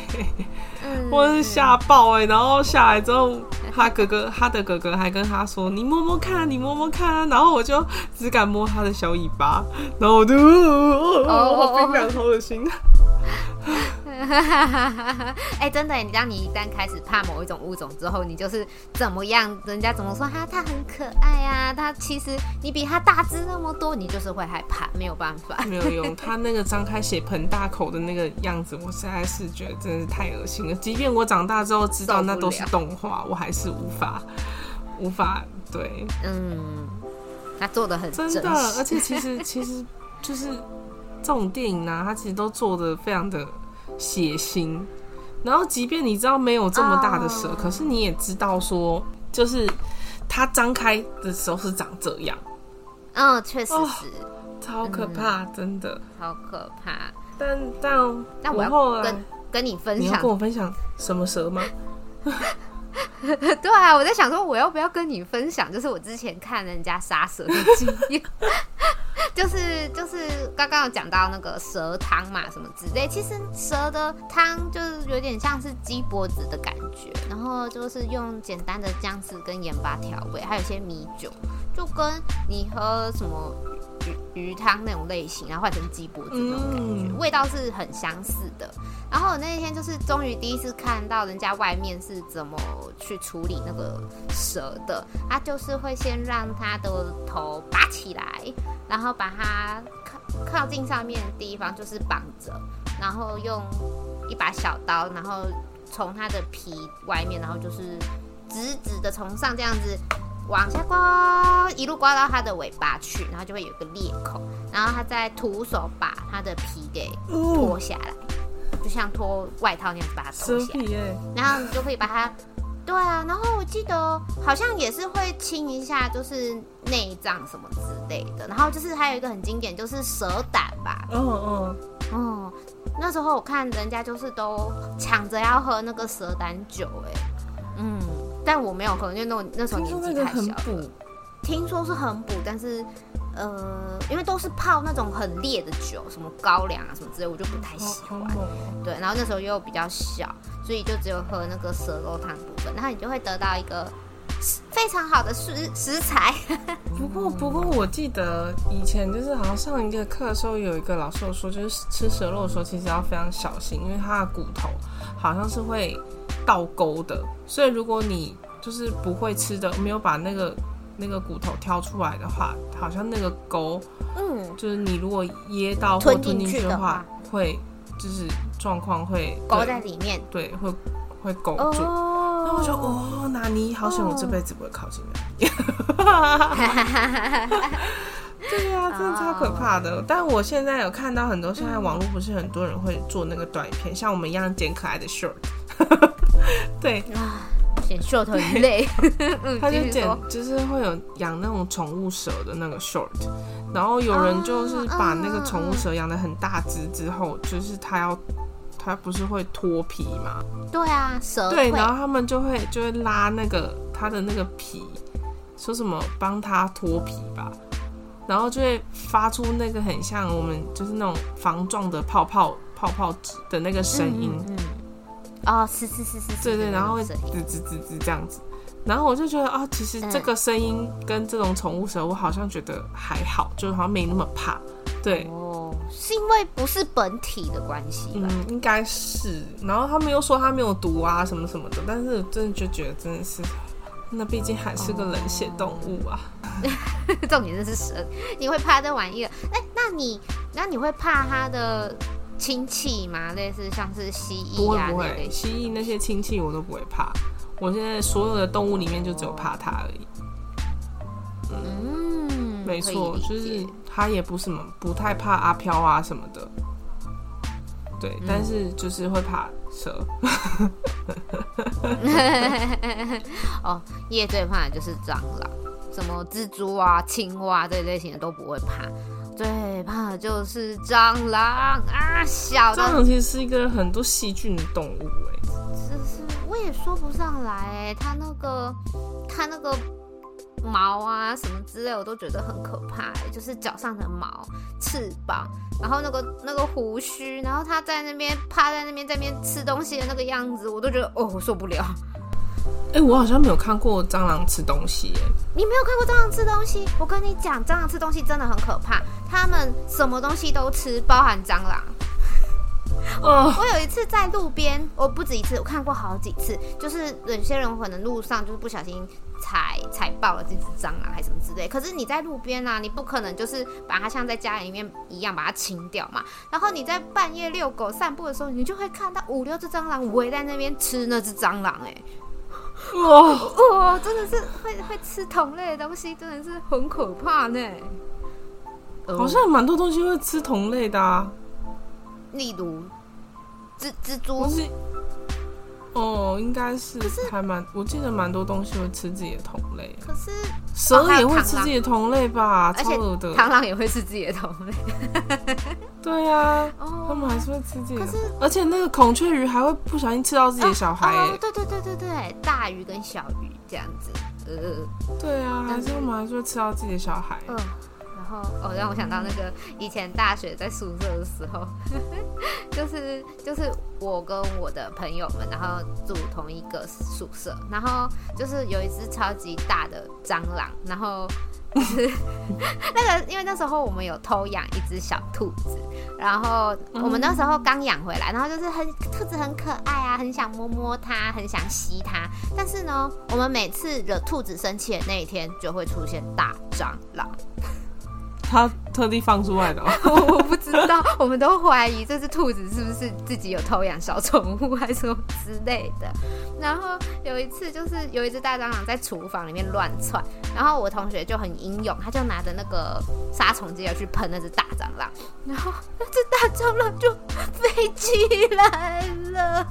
嗯、我是嚇爆哎、欸！然後下來之後，哈、嗯、哥哥，哈、嗯、的哥哥還跟他說：“你摸摸看，你摸摸看、啊。嗯摸摸看啊”然後我就只敢摸他的小尾巴，然後我都好冰涼，好、哦、惡、哦、心。哦 哎、 欸，真的，你當你一旦開始怕某一種物種之後，你就是怎麼樣？人家怎麼說哈、啊？他很可愛呀、啊，他其實你比他大隻那麼多，你就是會害怕，沒有辦法，沒有用。他那個張開血盆大口的那個樣子， 我實在是覺得真的是太噁心了。即便我長大之後知道那都是動畫，我還是無法無法對。嗯，他做的很真的，而且其實其實就是。這種電影呢、啊，它，其實都做的非常的血腥，然後即便你知道沒有這麼大的蛇，oh. 可是你也知道說，就是它張開的時候是長這樣。嗯、oh,，確、哦、實超可怕，嗯、真的，好可怕。但但，那我要跟我後來跟你分享，你要跟我分享什麼蛇嗎？ 對啊，我在想說，我要不要跟你分享，就是我之前看人家殺蛇的經驗，就是就是剛剛有講到那個蛇湯嘛，什麼之類，其實蛇的湯就是有點像是雞脖子的感覺，然後就是用簡單的薑絲跟鹽巴調味，還有些米酒，就跟你喝什麼。魚湯那種類型，然後換成雞脖子那種感覺、嗯，味道是很相似的。然後我那天就是終於第一次看到人家外面是怎麼去處理那個蛇的，他就是會先讓他的頭拔起來，然後把它靠靠近上面的地方就是綁着，然後用一把小刀，然後從它的皮外面，然後就是直直的從上這樣子。往下刮，一路刮到它的尾巴去，然後就會有一個裂口，然後它再徒手把它的皮給脫下來、哦，就像脫外套那樣把它脫下來。蛇皮、欸、然後你就可以把它，對啊，然後我記得好像也是會清一下，就是內臟什麼之類的。然後就是還有一個很經典，就是蛇膽吧。嗯嗯嗯，那時候我看人家就是都搶着要喝那個蛇膽酒哎。但我沒有喝，因為那那時候年紀太小。聽說是很補，聽說是很補，但是，呃，因為都是泡那種很烈的酒，什麼高粱啊什麼之類，我就不太喜歡。對，然後那時候又比較小，所以就只有喝那個蛇肉湯部分，然後你就會得到一個非常好的食食材。嗯、 不過，不過我記得以前就是好像上一個課的時候，有一個老師有說，就是吃蛇肉的時候其實要非常小心，因為它的骨頭好像是會。倒鈎的，所以如果你就是不會吃的，沒有把那個那個骨頭挑出來的話，好像那個鈎，嗯，就是你如果噎到或吞進去的話，的話，會就是狀況會鈎在裡面，對，對會會勾住。哦、那我就哦，那你好險，我這輩子不會靠近的 對啊，真的超可怕的。Oh. 但我現在有看到很多，現在網絡不是很多人會做那個短片，嗯、像我們一樣剪可愛的 short。 對啊，剪 short 很累，嗯。他就剪，就是會有養那種寵物蛇的那個 short，然後有人就是把那個寵物蛇養的很大只之後，就是他要，他不是會脫皮嗎？對啊，蛇對，然後他們就會就會拉那個他的那個皮，說什麼幫他脫皮吧。然後就會發出那個很像我們就是那種防撞的泡泡泡泡紙的那個聲音，嗯，嗯嗯哦，是是是是，對對，然後會滋滋滋滋這樣子，然後我就覺得啊、哦，其實這個聲音跟這種寵物蛇，我好像覺得還好，就好像沒那麼怕，對，哦、是因為不是本體的關係，嗯，應該是，然後他們又說它沒有毒啊，什麼什麼的，但是我真的就覺得真的是。那畢竟還是個冷血動物啊，oh， 重點是蛇，你會怕這玩意兒？哎、欸，那你那你會怕它的親戚嗎？類似像是蜥蜴啊，那類型的東西。不會，不會，蜥蜴那些親戚我都不會怕。我現在所有的動物裡面就只有怕它而已。嗯、mm，沒錯，就是他也不什麼不太怕阿飄啊什麼的，對，mm. 但是就是會怕。So. 哦，哦，最怕的就是蟑螂，什麼蜘蛛啊、青蛙、啊、這一類型的都不會怕，最怕的就是蟑螂啊，小蟑螂其實是一個很多細菌的動物、欸，哎，只是我也說不上來、欸，哎，它那個，它那個。毛啊，什麼之類，我都覺得很可怕。哎，就是腳上的毛、翅膀，然後那個那個鬍鬚，然後他在那邊趴在那邊，在那邊吃東西的那個樣子，我都覺得哦，我受不了。哎、欸，我好像沒有看過蟑螂吃東西。哎，你沒有看過蟑螂吃東西？我跟你講，蟑螂吃東西真的很可怕。他們什麼東西都吃，包含蟑螂。哦，我有一次在路邊，我不止一次，我看過好幾次，就是有些人可能路上就是不小心。踩踩爆了這隻蟑螂，還是什麼之類？可是你在路邊啊，你不可能就是把它像在家裡面一樣把它清掉嘛。然後你在半夜遛狗散步的時候，你就會看到五六隻蟑螂圍在那邊吃那隻蟑螂、欸，哎，哇哇，真的是會會吃同類的東西，真的是很可怕呢、欸。好像蠻多東西會吃同類的啊，呃、例如蜘蜘蛛。哦，應該是，可是，還蠻，我記得蠻多東西會吃自己的同類。可是蛇也會吃自己的同類吧？哦、超噁的，而且螳螂也會吃自己的同類。 對啊、哦，他們還是會吃自己的。的。而且那個孔雀魚還會不小心吃到自己的小孩、欸。對、哦哦、對對對對，大魚跟小魚這樣子、呃。對啊，還是我們還是會吃到自己的小孩、欸。嗯嗯哦，讓我想到那個以前大學在宿舍的時候，就是就是我跟我的朋友們，然後住同一個宿舍，然後就是有一隻超級大的蟑螂，然後 那個因為那時候我們有偷養一隻小兔子，然後我們那時候剛養回來，然後就是很兔子很可愛啊，很想摸摸它，很想吸它，但是呢，我們每次惹兔子生氣的那一天，就會出現大蟑螂。他特地放出來的嗎？我，我不知道， 我們都懷疑這隻兔子是不是自己有偷養小寵物，還是什麼之類的。然後有一次，就是有一隻大蟑螂在廚房裡面亂竄，然後我同學就很英勇，他就拿着那個殺蟲劑要去噴那隻大蟑螂，然後那隻大蟑螂就飛起來了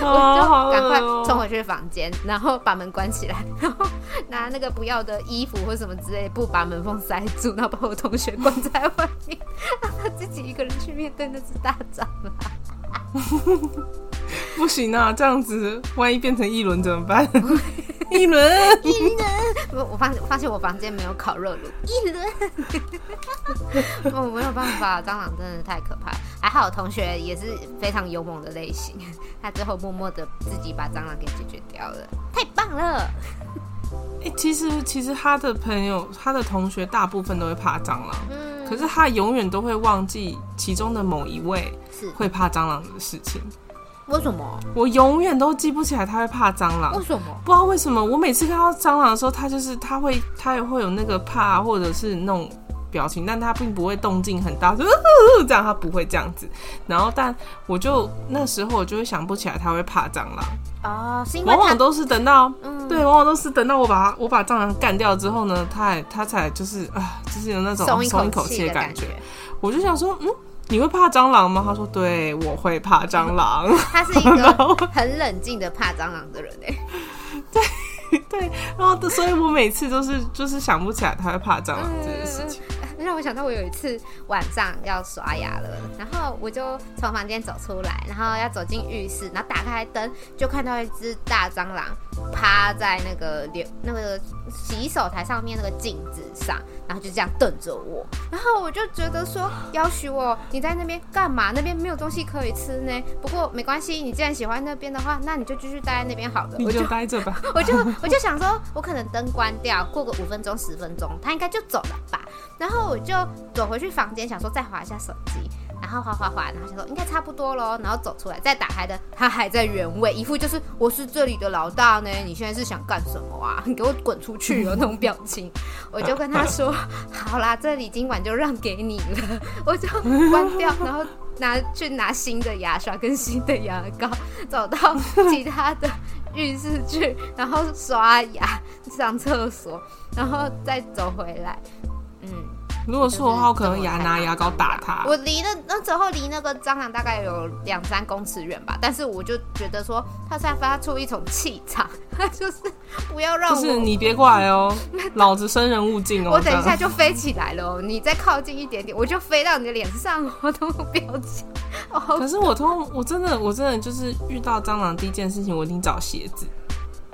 ，oh, 我就趕快衝回去房間，oh, 然後把門關起來，oh. 然後拿那個不要的衣服或什麼之類的布把門縫塞住，oh, 然後把我。同學關在外面，讓他自己一個人去面對那只大蟑螂。 不行啊，這樣子萬一變成一輪怎麼辦？一 輪藝倫，一 輪。我發我發現我房間沒有烤肉爐。一輪， 我沒有辦法，蟑螂真的太可怕。還好同學也是非常勇猛的類型，他最後默默的自己把蟑螂給解決掉了，太棒了。欸、其實其實他的朋友、他的同學大部分都會怕蟑螂，嗯、可是他永遠都會忘記其中的某一位會怕蟑螂的事情。為什麼？我永遠都記不起來他會怕蟑螂。為什麼？不知道為什麼，我每次看到蟑螂的時候，他就是他會，他也會有那個怕，或者是那種。表情，但他並不會動靜很大，這樣他不會這樣子。然後，但我就那時候我就會想不起來他會怕蟑螂啊，往往都是等到、嗯、對，往往都是等到我把他我把蟑螂幹掉之後呢，他還他才就是啊、呃，就是有那種鬆一口氣的，的感覺。我就想說，嗯，你會怕蟑螂嗎？他說，對我會怕蟑螂，嗯、他是一個 很冷靜的怕蟑螂的人、欸、對對，然後所以，我每次都是就是就是想不起來他會怕蟑螂這件事情。嗯讓我想到我有一次晚上要刷牙了，然後我就從房間走出來，然後要走進浴室，然後打開燈，就看到一隻大蟑螂趴在那個流那個洗手台上面那個鏡子上，然後就這樣瞪着我，然後我就覺得說，要許我你在那邊幹嘛？那邊沒有東西可以吃呢。不過沒關係，你既然喜歡那邊的話，那你就繼續待在那邊好了。我就待着吧我。我就我就想說，我可能燈關掉，過個五分鐘十分鐘，他應該就走了吧。然後我就走回去房間，想說再滑一下手機，然後滑滑滑，然後想說應該差不多咯。然後走出來再打開的，它還在原位，一副就是我是這裡的老大呢，你現在是想幹什麼啊？你給我滾出去，有那種表情， 我就跟他說 好啦，這裡今晚就讓給你了，我就關掉，然後拿去拿新的牙刷跟新的牙膏，走到其他的浴室去，然後刷牙、上廁所，然後再走回來。嗯，如果是我的話，我可能牙拿牙膏打他。這，這我離那那時候離那個蟑螂大概有兩三公尺遠吧，但是我就覺得說，他散發出一種氣場，他 就是不要讓我，就是你別過來哦、喔， 老子生人勿近哦。 我等一下就飛起來了、喔， 你再靠近一點點，我就飛到你的臉上，我都不表情。可是我通我真的我真的就是遇到蟑螂第一件事情，我一定找鞋子。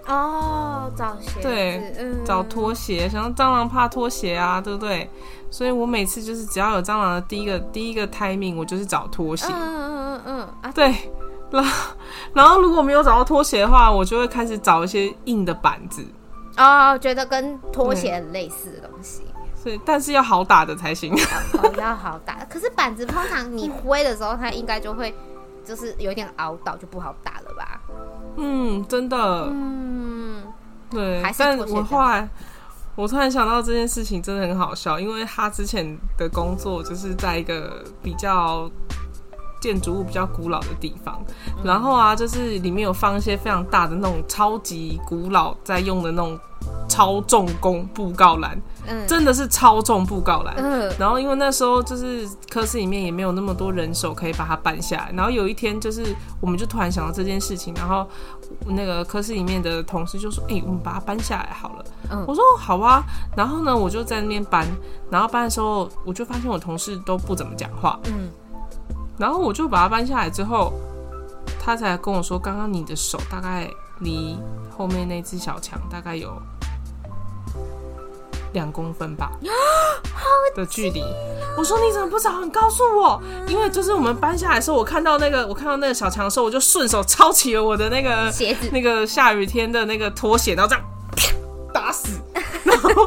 哦、oh, 找鞋對，嗯，找拖鞋，像蟑螂怕拖鞋啊，對不對？所以我每次就是只要有蟑螂的第一個、嗯、第一個 timing，我就是找拖鞋。嗯嗯嗯嗯啊，對，然後然後如果沒有找到拖鞋的話，我就會開始找一些硬的板子。哦、oh, 覺得跟拖鞋很類似的東西，嗯、所以但是要好打的才行。Oh, oh, 要好打的， 可是板子通常你揮的時候，它 應該就會。就是有一點熬到就不好打了吧？嗯，真的，嗯，對。是但是我後來我突然想到這件事情真的很好笑，因為他之前的工作就是在一個比較建築物比較古老的地方，然後啊，就是裡面有放一些非常大的那種超級古老在用的那種。超重工佈告欄，嗯，真的是超重佈告欄。嗯，然後因為那時候就是科室裡面也沒有那麼多人手可以把它搬下來。然後有一天就是，我們就突然想到這件事情。然後那個科室裡面的同事就說：“哎、欸，我們把它搬下來好了。”我說：“好啊。”然後呢，我就在那邊搬。然後搬的時候，我就發現我同事都不怎麼講話。嗯，然後我就把它搬下來之後，他才跟我說：“剛剛你的手大概離後面那隻小強大概有。”兩公分吧，的距離。我說，你怎麼不早告訴我？因為就是我們搬下來的時候，我看到那個，我看到那個小強的時候，我就順手抄起了我的那個鞋子，那個下雨天的那個拖鞋，然後這樣啪打死。然後，然後，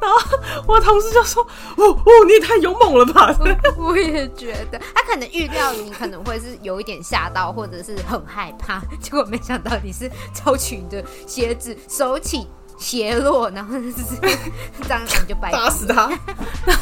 然後我同事就說：“哦哦，你也太勇猛了吧！”我也覺得，他可能預料你可能會是有一點嚇到，或者是很害怕。結果沒想到你是抄起你的鞋子手起，斜落，然後就是這樣，你就打死他然。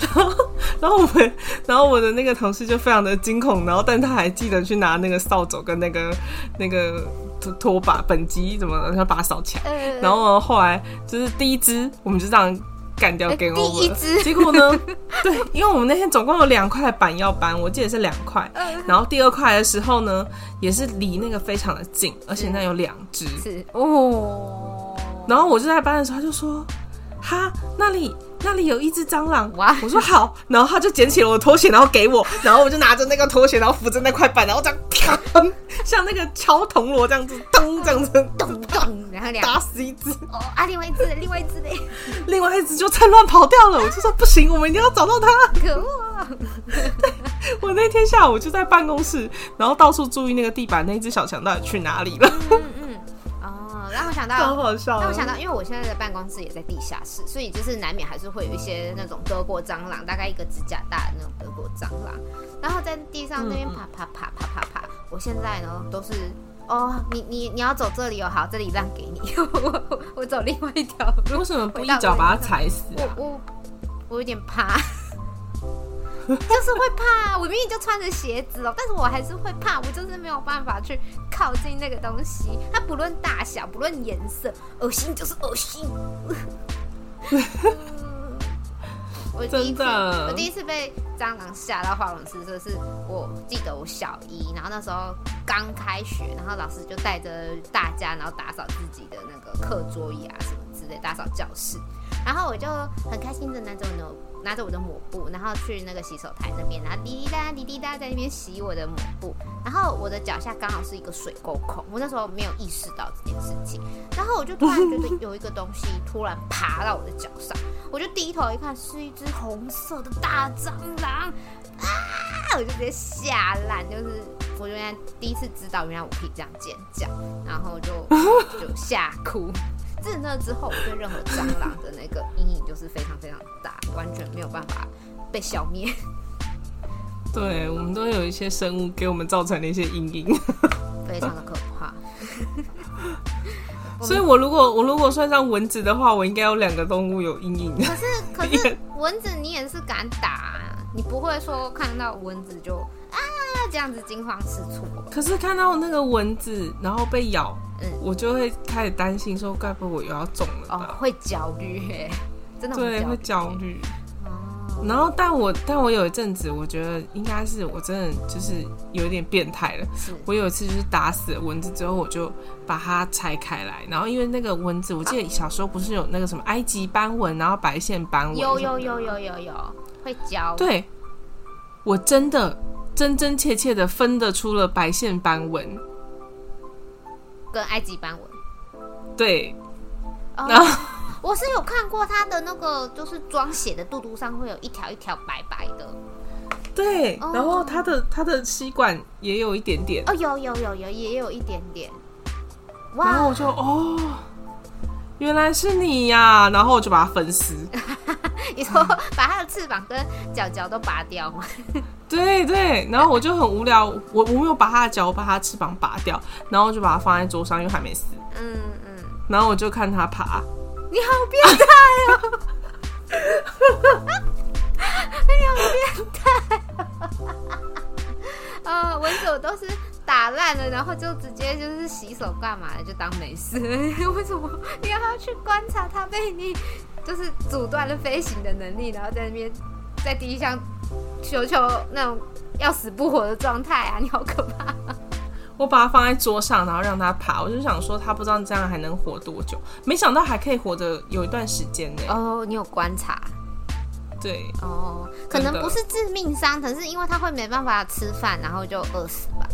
然後，然後我們，然後我們的那個同事就非常的驚恐，然後但他還記得去拿那個掃帚跟那個那個拖拖把、畚箕什麼把他把掃起來。然後後來就是第一只，我們就這樣幹掉給我、欸、第一只，結果呢？ 對，因為我們那天總共有兩塊板要搬，我記得是兩塊、呃。然後第二塊的時候呢，也是離那個非常的近，嗯、而且那有兩只。是哦。然後我就在搬的時候，他就說：“哈，那裡那裡有一只蟑螂。”哇！我說好，然後他就撿起了我的拖鞋，然後給我，然後我就拿着那個拖鞋，然後扶着那塊板，然後這樣啪，像那個敲銅鑼這樣子，噔這樣子，咚咚，然後打死一只。哦啊，另外一只，另外一只呢？另外一只就趁亂跑掉了。我就說不行，我們一定要找到它。可惡哦！對，我那天下午就在辦公室，然後到處注意那個地板，那一只小強到底去哪裡了。嗯嗯好搞笑！但我想到，因為我現在的辦公室也在地下室，所以就是難免還是會有一些那種德國蟑螂，大概一個指甲大的那種德國蟑螂，然後在地上那邊爬爬爬爬爬爬，我現在呢都是哦，你你你要走這裡哦，好，這裡讓給你，我 我走另外一條。為什麼不一腳把它踩死啊？我我我有點怕。 就是會怕，我明明就穿着鞋子哦、喔，但是我還是會怕，我就是沒有辦法去靠近那個東西。它不論大小，不論顏色，噁心就是噁心。 我第一次，真的，我第一次被蟑螂嚇到花容失色，就是我記得我小一，然後那時候剛開學，然後老師就帶着大家，然後打掃自己的那個課桌椅啊什麼之類，打掃教室，然後我就很開心的那種拿着我的抹布，然後去那個洗手台那邊，然後滴滴答滴滴答在那邊洗我的抹布，然後我的腳下剛好是一個水溝孔，我那時候沒有意識到這件事情，然後我就突然覺得有一個東西突然爬到我的腳上，我就低頭一看，是一隻紅色的大蟑螂，啊！我就直接嚇爛，就是我就應該第一次知道，原來我可以這樣尖叫，然後就就嚇哭。自那之後，我對任何蟑螂的那個陰影就是非常非常大，完全沒有辦法被消滅。對，我們都有一些生物給我們造成了一些陰影，非常的可怕。 所以我如果我如果算上蚊子的話，我應該有兩個動物有陰影。可是可是蚊子你也是敢打啊，你不會說看到蚊子就啊。這樣子驚慌失措，可是看到那個蚊子，然後被咬，嗯，我就會開始擔心說，說怪不得我又要腫了，會焦慮，真的嗎？對，會焦慮，嗯。然後，但我但我有一陣子，我覺得應該是我真的就是有點變態了。我有一次就是打死了蚊子之後，我就把它拆開來，然後因為那個蚊子，我記得小時候不是有那個什麼埃及斑蚊，然後白線斑蚊，有，有有有有有有，會咬對。我真的真真切切的分得出了白線斑蚊，跟埃及斑蚊。對，嗯、然後我是有看過他的那個，就是裝血的肚肚上會有一條一條白白的。對，然後他的、哦、他的吸管也有一點點。哦，有有有有，也有一點點。哇！然後我就哦，原來是你呀！然後我就把它分屍。 你說把它的翅膀跟腳腳都拔掉嗎？嗯？對對，然後我就很無聊，我我沒有把它的腳，我把它的翅膀拔掉，然後我就把它放在桌上,又還沒死。嗯嗯，然後我就看它爬。你好變態哦！ 哎呀，你變態、哦！呃、哦，蚊子我都是打爛了，然後就直接就是洗手幹嘛的，就當沒事。 為什麼？你要不要去觀察他被你就是阻斷了飛行的能力，然後在那邊在第一項求求那種要死不活的狀態啊！你好可怕。我把它放在桌上，然後讓他爬。我就想說他不知道這樣還能活多久，沒想到還可以活着有一段時間呢。哦，你有觀察。對哦、oh,，可能不是致命傷，可是因為他會沒辦法吃飯，然後就餓死吧。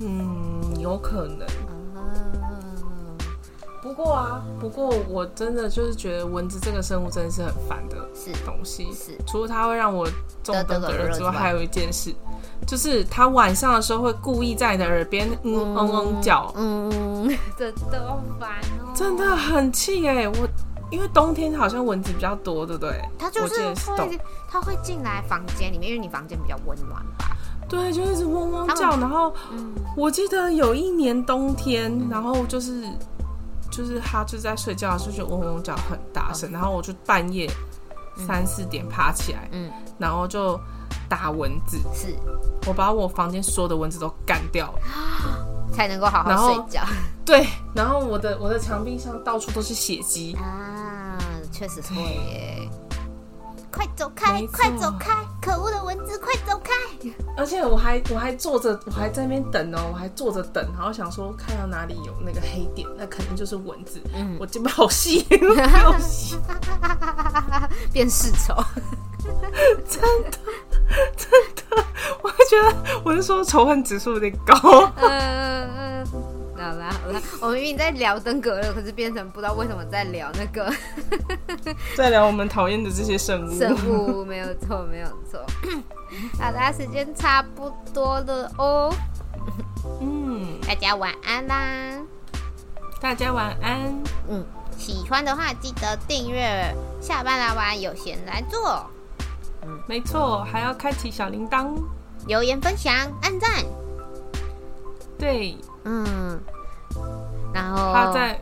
嗯，有可能。Uh -huh. 不過啊，不過我真的就是覺得蚊子這個生物真的是很煩的，是東西。是、uh -huh.，除了它會讓我中毒之外，還有一件事，uh -huh. 就是它晚上的時候會故意在你的耳邊嗡嗡叫，uh -huh. Uh -huh. 嗯嗯真的煩哦，uh -huh. 真的很氣哎，我。因為冬天好像蚊子比較多，對不對？它就是會，我覺得是冬天。它會進來房間裡面，因為你房間比較溫暖吧。對，就一直嗡嗡叫。然後我記得有一年冬天，嗯、然後就是就是他就在睡覺的時候，就嗡嗡叫很大聲，嗯。然後我就半夜三四點爬起來，嗯，然後就打蚊子。是，我把我房間所有的蚊子都幹掉了。啊才能夠好好睡覺。對，然後我的我的牆壁上到處都是血跡啊，確實會耶。快走開！快走開！可惡的蚊子，快走開！而且我還我還坐着，我還在那邊等哦，我還坐着等，然後想說看到哪裡有那個黑點，那可能就是蚊子。嗯，我這邊好細， 有 變世醜。 真的，真的，我覺得我是說仇恨指數有點高，嗯嗯嗯，好啦，好啦，我們明明在聊登革熱，可是變成不知道為什麼在聊那個、嗯，在 聊我們討厭的這些生物。生物沒有錯，沒有錯。 好啦，時間差不多了哦、喔。嗯，大家晚安啦。大家晚安。嗯，喜歡的話記得訂閱。下班來玩，有閒來坐。嗯、沒錯，還要開啟小鈴鐺、留言分享、按讚。對，嗯，然後他在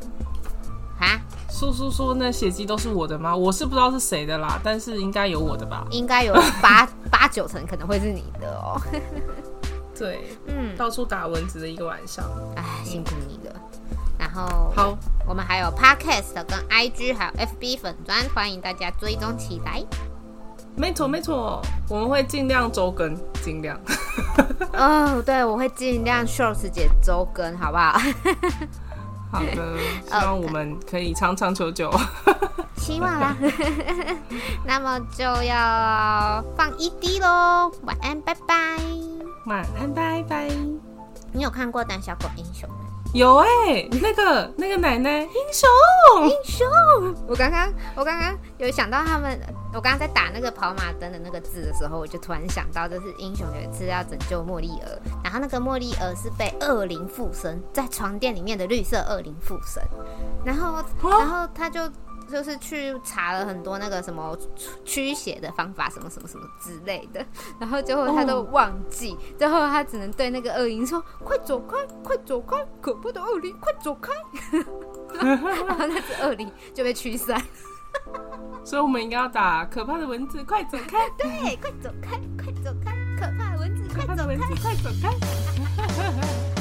啊，叔叔說那血跡都是我的嗎？我是不知道是誰的啦，但是應該有我的吧？應該有八 八九成可能會是你的哦、喔。 對，嗯，到處打蚊子的一個晚上，哎，辛苦你了。然後好，我們還有 Podcast、跟 IG 還有 FB 粉專，歡迎大家追蹤起來。沒錯沒錯，我們會盡量週更，盡量。 哦，對，我會盡量秀 h 姐週更，好不好？好的，希望我們可以長長久久。希望啦。 那麼就要放 ED 嘍，晚安，拜拜。晚安，拜拜。你有看過《膽小狗英雄》嗎？有哎、欸，那個那個奶奶英雄英雄，我剛剛我剛剛有想到他們，我剛剛在打那個跑馬燈的那個字的時候，我就突然想到，這是英雄有一次要拯救茉莉兒，然後那個茉莉兒是被惡靈附身在床墊裡面的綠色惡靈附身，然後、Bro? 然後他就。就是去查了很多那個什麼驅邪的方法，什麼什麼什麼之類的，然後最後他都忘記，最後他只能對那個惡靈說：“快走開，快走開，可怕的惡靈，快走開。 ”然後那只惡靈就被驅散 。 所以，我們應該要打可怕的蚊子，快走開！ 對，快走開，快走開，可怕的蚊子，快走開，快走開！